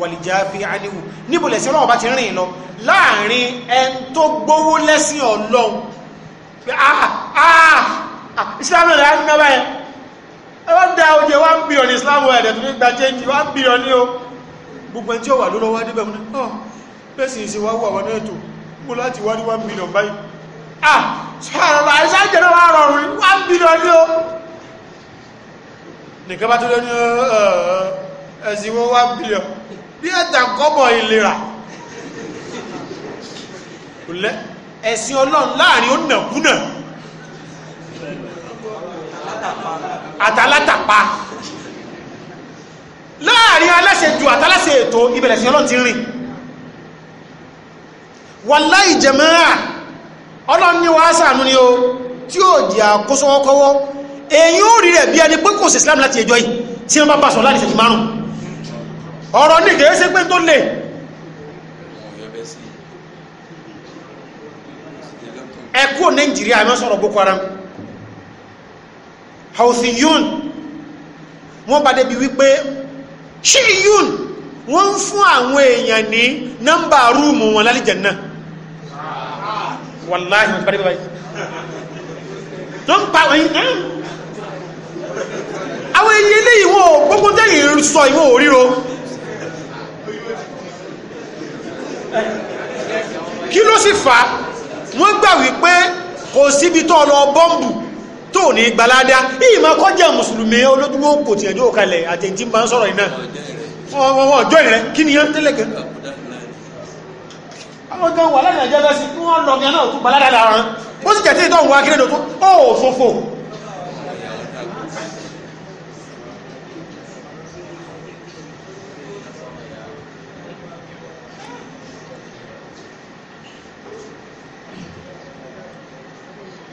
wàlìjà fi ánìwò níbo lẹ̀sìn ọlọ́run ọba ti rìn lọ láàrin ẹn tó gbówó lẹ́sìn ọlọ́run islam ah, ah, ah, rẹ̀ á ń náwó ẹ̀ wọ́n dá oúnjẹ one billion islam rẹ̀ ẹ̀dẹ̀ tó ní gba change one billion ní o gbogbo ẹni tí ó wà ló lọ́wọ́ adébẹ̀ mú náà pèsè ìṣe wá wà mú ní nìkan bá tó lọ ní ẹ̀sìnwó one billion bí ẹ̀ta kọ́bọ̀ ìlera ẹ̀sìn ọlọ́run láàrin ó nàkúnà àtàlátàpá láàrin aláṣẹ ju àtàláṣẹ ètò ìbẹ̀lẹ̀ sí ọlọ́run ti rìn wàláì jàmáà ọlọ́run ní wàásà nú ni o tí ó jẹ́ àkóso ọkọ́wọ́ èyí ó rí rẹ̀ bí ẹni pé kò sí islam láti ẹjọ́ yìí tí wọ́n bá bá sọ láti ìṣẹ́jú márùn ọ̀rọ̀ ní kèé ṣe pé tó lè ẹkú nàìjíríà sọ̀rọ̀ boko haram hausin yun wọ́n bá débi wípé ṣí yun wọ́n fún àwọn èèyàn ní nọ́mbà rúùmù wọn àwọn èyí ní ìwọ̀n gbogbo tẹ́yìn sọ ìwọ̀n òríro kí ló sì fà wọ́n gbà wípé kò síbi tó lọ bọ́m̀bù tó ní gbalada ìmọ̀ kọjá mùsùlùmí olódúró kò tí ẹjọ́ kalẹ̀ àtẹ̀ntí máa ń sọ̀rọ̀ iná wọ́n jọ ìrẹ́ kí ni yán tẹ́lẹ̀ kan àwọn gan wà láyé àjẹ́lẹ́sí wọ́n lọ gan náà tó gbalada lára ó sì jẹ́ tí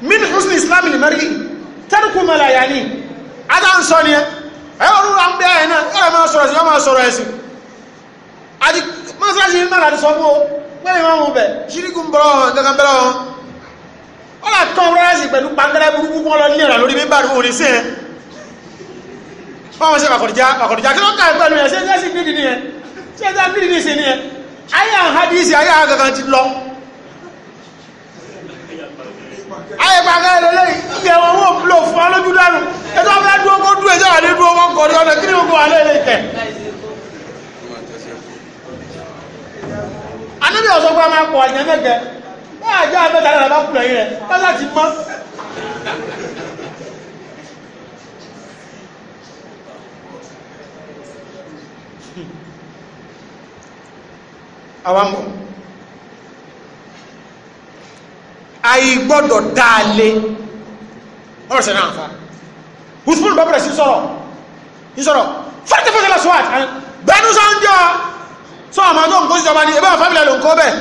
min husn islam ni mari tẹ́lùkù mẹ́lá yà ní adánsọ́ ni ẹ ọ̀rọ̀ àwọn bẹ́ẹ̀ ẹ̀ náà ẹ̀rọ máa sọ̀rọ̀ ẹ̀sìn máa sọ̀rọ̀ ẹ̀sìn àti mọ́sálásí ní mọ́lá ti sọ fún o pẹ́lú ìmọ̀ ọmọ bẹ̀ ṣíríkù ń bọ́rọ̀ ọ̀hún gẹ́gẹ́ bẹ́rẹ̀ ọ̀hún ó là tán ọ̀rọ̀ ẹ̀sìn pẹ̀lú pàǹdẹ́rẹ́ burúkú kọ́ lọ nílẹ̀ lórí mímbà ní orin sí ẹ wọ́n ṣe bàkọ̀dìjà bàkọ̀dìjà kí ló kà pẹ̀lú ẹ̀ ṣe ẹ̀sìn nídìí ni ẹ ṣe ẹ̀sìn nídìí ni ẹ ayé àhádìí sí ayé àgàgàn ti lọ ayẹ̀pàkà ẹlẹ́lẹ́yìn ní ẹ̀wọ̀n wọn bùlọ̀ fún alójú dànù ẹjọ́ fẹ́ dúró kó dúró ẹjọ́ àlẹ́ dúró wọn kọ̀ọ̀dọ̀ ọ̀nà kí ni gbogbo alẹ́ ilé tẹ̀. anábì ọ̀sọ́ fún ọmọ akọ̀ ẹ̀yẹ mẹ́gẹ́ ẹ àjọ abẹ́ta náà bá kúrẹ̀ yín rẹ̀ lọ́la ti mọ́. àwọn mọ̀. àìgbọ́dọ̀ dáalé ọ̀rọ̀ sẹ́nà àfá usman bọ́bẹ̀rẹ̀ sí sọ́rọ̀ ìsọ́rọ̀ fẹ́tẹ̀fẹ́tẹ̀ lọ swat bẹ́nu sọ́njọ́ sọ àmàdó nǹkan síjọba ní ẹbẹ́ àfábìlẹ̀ ló ń kọ́ bẹ̀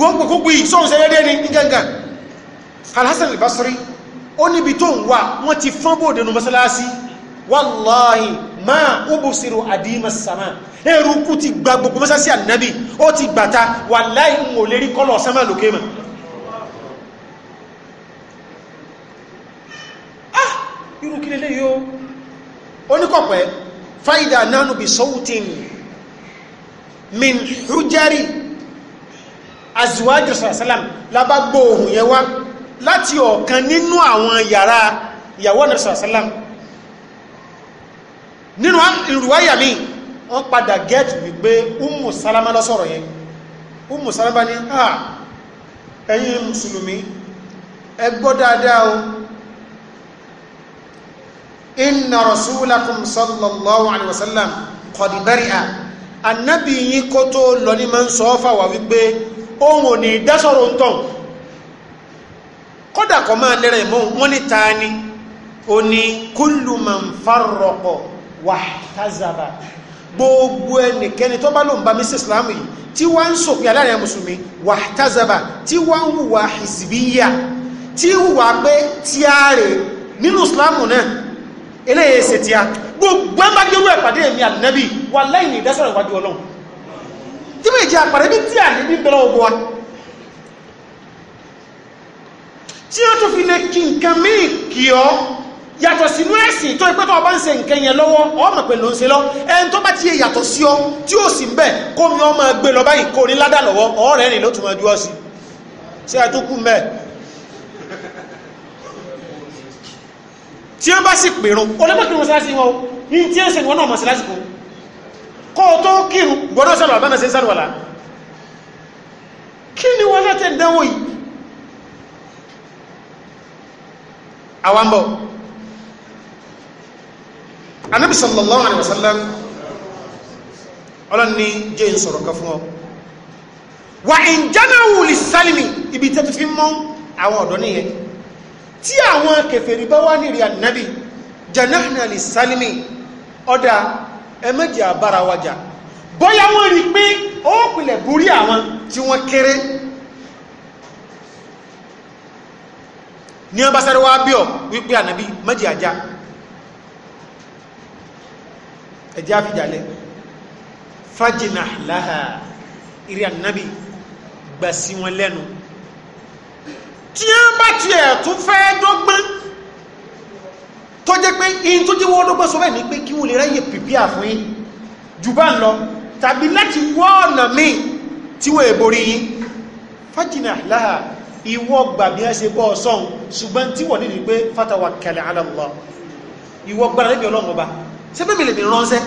wọ́n pè kúkú yìí sọ́hun ṣe dédé ní gẹ́gẹ́ alhassan albasri ó níbi tó ń wà wọ́n ti fọ́n bòdè nu mọ́sálásí wàláhì máa ubùsirò àdìmọ̀ sàmà eruku ti gba gbogbo mọ́sálásí ànábì ó ti gbàta wàláhì ń ò lérí kọ́lọ̀ sẹ́mà lókè mọ́ irú kí lélẹ́ yóò oníkọ̀pẹ́ fáìdà nánú bí sọ́wútín min hujari azuwájú sàlám lábá gbọ́ ohùn yẹn wá láti ọ̀kan nínú àwọn yàrá ìyàwó ọ̀nà sàlám nínú ìrùwáyà mi wọ́n padà gẹ́ẹ̀tù wípé umu salama ló sọ̀rọ̀ yẹn umu salama ni à ah, ẹ̀yin mùsùlùmí ẹ dáadáa o inna rasulakum sallallahu alaihi wasallam kọ̀dì bẹ́rìà annabi yín kó tó lọ ní ma ń sọ ọ́fà wà wípé ohun ò ní dásọ̀rọ̀ ń tàn kódà kọ́ máa lẹ́rẹ̀ mọ́ wọ́n ní ta ni ó ní kullu man farraqa wa tazaba gbogbo ẹnikẹ́ni tó bá ló ń bá mí sí yìí tí wọ́n ń sòpin aláàrin mùsùlùmí wà tazaba tí wọ́n ń hùwà hizbiyya tí hùwà pé tíáre nínú islam náà eléyè ṣe tí a gbogbo ẹ bá gbérú ẹ pàdé èmi ànábì wà láì ní ìdásọ̀rọ̀ ìwájú ọlọ́run tí mo ìjì àpàdé bí tí ànábì bẹ̀rẹ̀ ọgbọ́ wa tí ó tún fi lè kí nǹkan míì kì ọ́ yàtọ̀ sínú ẹ̀sìn tó ipẹ́ tó ọba ń ṣe nǹkan yẹn lọ́wọ́ ọmọ pẹ̀ ló ń ṣe lọ ẹni tó bá ti yẹ yàtọ̀ sí ọ tí ó sì ń bẹ̀ kó mi ọmọ gbé lọ báyìí kó ní ládà lọ́wọ́ ọ̀rẹ́ rìn ló tún máa ju sí ṣé ẹ tó kú mẹ́ẹ̀ tí wọ́n bá sì pèrún olómọ̀kìrún mọ́sálásí wọn ní tí ẹ̀ ń sẹ́ni wọn náà mọ́sálásí kan kó tó kírun gbọ́dọ̀ sọ̀rọ̀ àbámẹ́ sí sáré wàlá kí ni wọ́n láti ẹ̀dánwò yìí àwambọ̀ anábì sallallahu alaihi wasallam ọlọ́ni jẹ́ ìsọ̀rọ̀ kan fún ọ wà ìjánáwò lè sálìmì ibi tẹ́tù fi mọ́ àwọn ọ̀dọ́ nìyẹn tí àwọn kèfèrí bá wá nìrí ànábì janahna lè sálímì ọ̀dà ẹ̀mẹ́jì àbára wájà bóyá wọ́n rí pé ó pìlẹ̀ borí àwọn tí wọ́n kéré ní ọba wá bí ọ wípé ànábì mẹ́jì àjá ẹ̀jẹ̀ àfijalẹ̀ fájìnà láhà ìrìn ànábì gbà sí wọn lẹ́nu tí wọ́n bá tiẹ̀ tún fẹ́ dọ́gbọ́n tó jẹ́ pé in tó jẹ́ wọ́n dọ́gbọ́n sọ bẹ́ẹ̀ ni pé kí wọ́n lè ráyè pìpíà fún yín jù bá ń lọ tàbí láti wọ́ ọ̀nà míì tí wọ́n èborí yín fájìnà láhà ìwọ gbàgbé ẹ ṣe bọ́ ọ̀sán ṣùgbọ́n tí wọ́n nídìí pé fatawakkal ala Allah ìwọ gbára níbi ọlọ́run ọba ṣé bẹ́ẹ̀ mi lè mi ránṣẹ́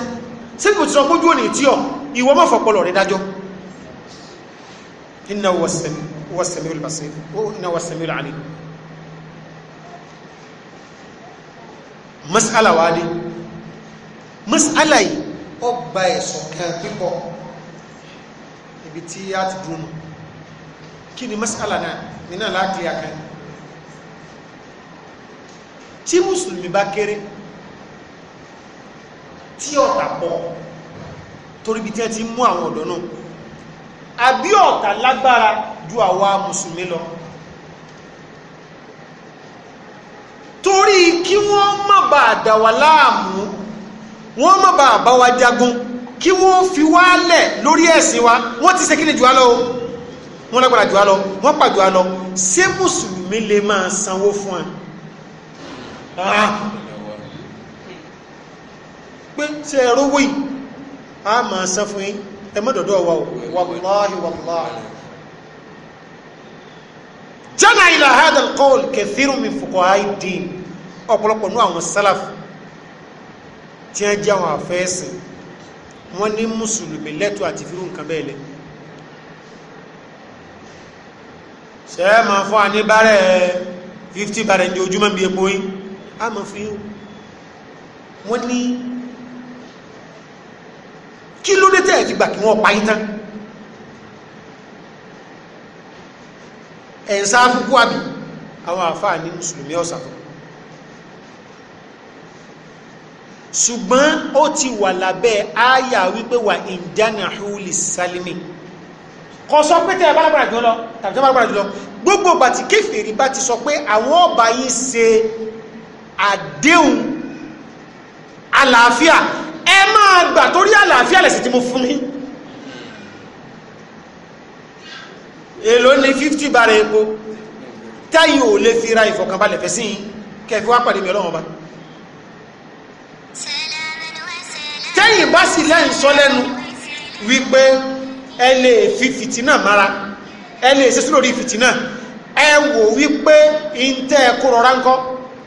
ṣé mi ò ti sọ kójú òní tí ọ ìwọ mọ̀ fọpọlọ rẹ inna huwa هو السميع البصير هو السميع العليم masala wa ni masala yìí ó gba ẹ̀sùn kan pípọ̀ ibi tí a ti dúró nù kí ni masala náà nínú aláàkìlẹ̀ kan tí mùsùlùmí bá kéré tí ọ̀tá pọ̀ torí bí tí a ti mú àwọn ọ̀dọ́ náà àbí ọ̀tá lágbára ju àwa mùsùlùmí lọ torí kí wọ́n má bà dà láàmú wọ́n má bà bá wa jagun kí wọ́n fi wá lẹ̀ lórí ẹ̀sìn wa wọ́n ti ṣe kí ni jù á lọ wọ́n lágbára jù á lọ wọ́n pà jù á lọ ṣé mùsùlùmí lè máa sanwó fún ẹ ah. pé ṣe ẹ̀rọ wí a máa san fún yín ẹ mọ́ dọ̀dọ̀ wa o wàláhi wàláhi jana ila hada alqawl kathiru min fuqaha ad-din ọ̀pọ̀lọpọ̀ nu àwọn salaf tí a jẹ́ àwọn àfẹ́ẹ̀sìn wọ́n ní mùsùlùmí lẹ́tọ̀ àti fírù nǹkan bẹ́ẹ̀ lẹ́ ṣe é máa fọ́ 50 bárẹ̀ ní ojúmọ́ bí epo yín a máa fi yín wọ́n kí ló dé tẹ́ẹ̀ fi gbà kí wọ́n pa yín ẹ̀ǹsá fúkú àbí àwọn àfáà ní mùsùlùmí ọ̀sàtọ̀ ṣùgbọ́n ó ti wà lábẹ́ àyà wípé wà ìdánahù lè sálímì kọ sọ pé tẹ́ ẹ bá lágbára jùlọ lọ tàbí tẹ́ bá lágbára jùlọ gbogbo ìgbà tí kèfèrí bá ti sọ pé àwọn ọba yìí ṣe àdéhùn àlàáfíà ẹ máa gbà torí àlàáfíà lẹ̀sìn tí mo fún yín èlò ní 50 bára epo táyì ò lè fi ra ìfọ̀kànbalẹ̀ fẹ́ sí i kẹfí wá pàdé mi ọlọ́wọ́n bá tẹ́yìn bá sì lẹ́yìn sọ lẹ́nu wípé ẹ fi fìtínà mara ẹ lè ṣe sórí fìtínà ẹ wò wípé ìntẹ́ kó rọra ńkọ́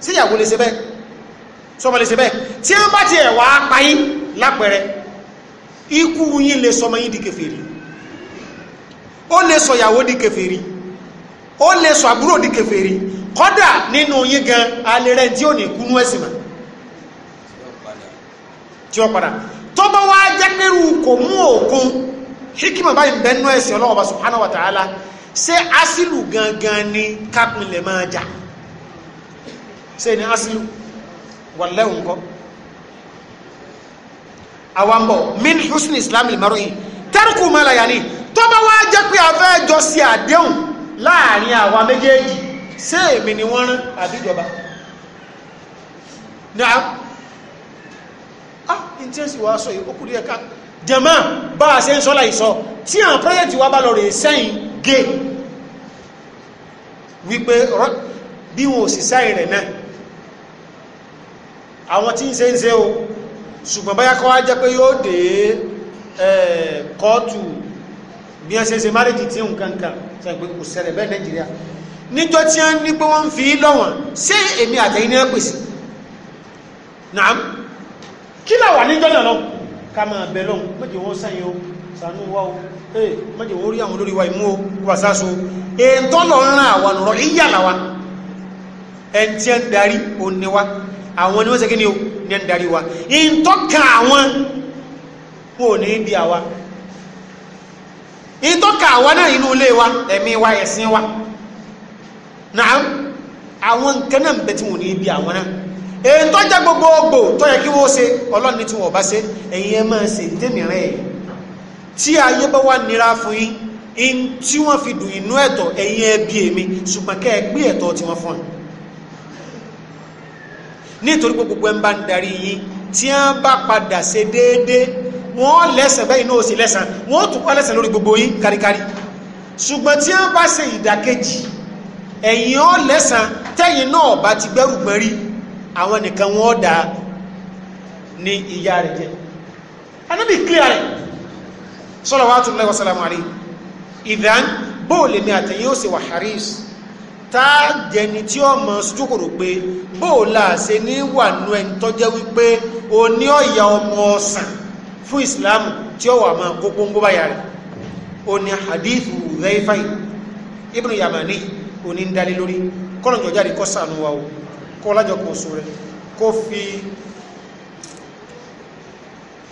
síyàwó lè ṣe bẹ́ẹ̀ sọmọ lè ṣe bẹ́ẹ̀ tí wọ́n bá ti ẹ̀ wá payín lápẹẹrẹ ikú yín lè sọmọ yín di kèfèrí ó lè sọ ìyàwó di kèfèrí ó lè sọ àbúrò di kèfèrí kọ́dà nínú yín gan alẹ́ rẹ̀ tí ò ní kúnú ẹ̀sìn mọ́ tí ó padà tó bá wá jẹ́ pẹ́rù kò mú òkun hikima báyìí bẹ́ẹ̀ ẹ̀sìn ọlọ́wọ́ subhanahu wa ta'ala ṣé asilu gangan ni kápínlẹ̀ máa jà ṣé ni asilu wàlẹ́ òǹkọ́ àwọn bọ̀ min husni islam lè marò yìí tẹ́rù kù mọ́ la yà ni tó bá wá jẹ́ pé a fẹ́ jọ sí àdéhùn láàrin àwa méjèèjì ṣé èmi ni wọ́n rán àbíjọba náà ah intense wa sọ yìí ó kù díẹ̀ ká jẹ̀mọ́ bá a ṣe ń sọ́lá ìsọ tí àwọn pírẹ́sẹ̀ntì wa bá lọ rè sẹ́yìn gé wípé bí wọn ò sì sẹ́yìn rẹ̀ náà àwọn tí ń ṣe ń ṣe o ṣùgbọ́n báyá kọ́ wá jẹ́ pé yóò dé eh, kóòtù bí wọ́n ṣe ṣe márìjì tí nǹkan kan ṣe pé kò ṣẹlẹ̀ bẹ́ẹ̀ nàìjíríà níjọ́ tí wọ́n ní pé wọ́n ń fi lọ́wọ́n ṣé èmi àtẹ̀yìn ní ẹ̀pẹ̀sì nàám kí là wà níjọ́ náà lọ ká máa bẹ̀ lọ́hùn méje wọ́n sẹ́yìn o sànú wa o ee méje wọ́n rí àwọn olórí wa ìmú o wà sáso ètò lọ ń ran àwọn ọ̀rọ̀ ìyá làwa ẹni tí ń darí òní wa àwọn ni wọ́n ṣe kí ni o ní ń darí wa ìtọ́ka àwọn wọn ò ní bí àwa ìtọ́ka àwa náà inú ilé wa ẹ̀mí wa ẹ̀sìn wa náà àwọn nǹkan náà ń bẹ tí wọn ò ní ibi àwọn náà èyí tó jẹ́ gbogbogbò tó yẹ kí wọ́n ṣe ọlọ́ni tí wọ́n bá ṣe ẹ̀yin ẹ máa ṣe tẹ́mìíràn ẹ̀ tí ayé bá wà nira fún yín in tí wọ́n fi dùn inú ẹ̀tọ́ ẹ̀yin ẹ bí èmi ṣùgbọ́n kẹ́ ẹ gbé ẹ̀tọ́ tí wọ́n fún ẹ nítorí gbogbo ẹ ń bá ń darí yín tí wọ́n bá padà ṣe déédéé wọ́n lẹ́sẹ̀ bẹ́ẹ̀ iná òsì lẹ́sàn wọ́n tún kọ́ lẹ́sẹ̀ lórí gbogbo yín káríkárí ṣùgbọ́n tí wọ́n bá ṣe ìdàkejì ẹ̀yìn ọ́ lẹ́sàn tẹ́yìn náà bá ti gbẹ́rù gbẹ́rí àwọn nìkan wọ́n dà ní ìyá rẹ̀ jẹ́ anábì clear rẹ̀ sọ́lọ̀ wá tún lẹ́wọ́ sálámù àrí ìdán bóòlì ni àtẹ̀yìn ó sì wà haris tá jẹni tí ó mọ sojú kòrò pé bóòlà ṣe ní wà nú ẹni tọ́jẹ́ wípé oní ọ̀yà ọmọ ọ̀sán fún islam tí ó wà máa kókó ń bóbá yàrá o ní hadithu zaifai ibn yamani o ní ń dalé lórí kọ́nàjọ jáde kọ́ sànú wa o kọ́ lájọ kò sùn rẹ̀ kó fi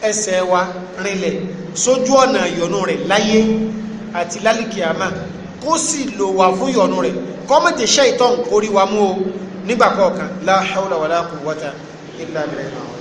ẹsẹ̀ wa rinlẹ̀ sójú ọ̀nà ìyọnu rẹ̀ láyé àti lálìkìyàmá kó sì lò wà fún ìyọnu rẹ̀ kọ́mọ̀tì ṣe ìtọ́ nǹkan orí wa mú o nígbà kọ̀ọ̀kan la hawla wala quwwata illa billah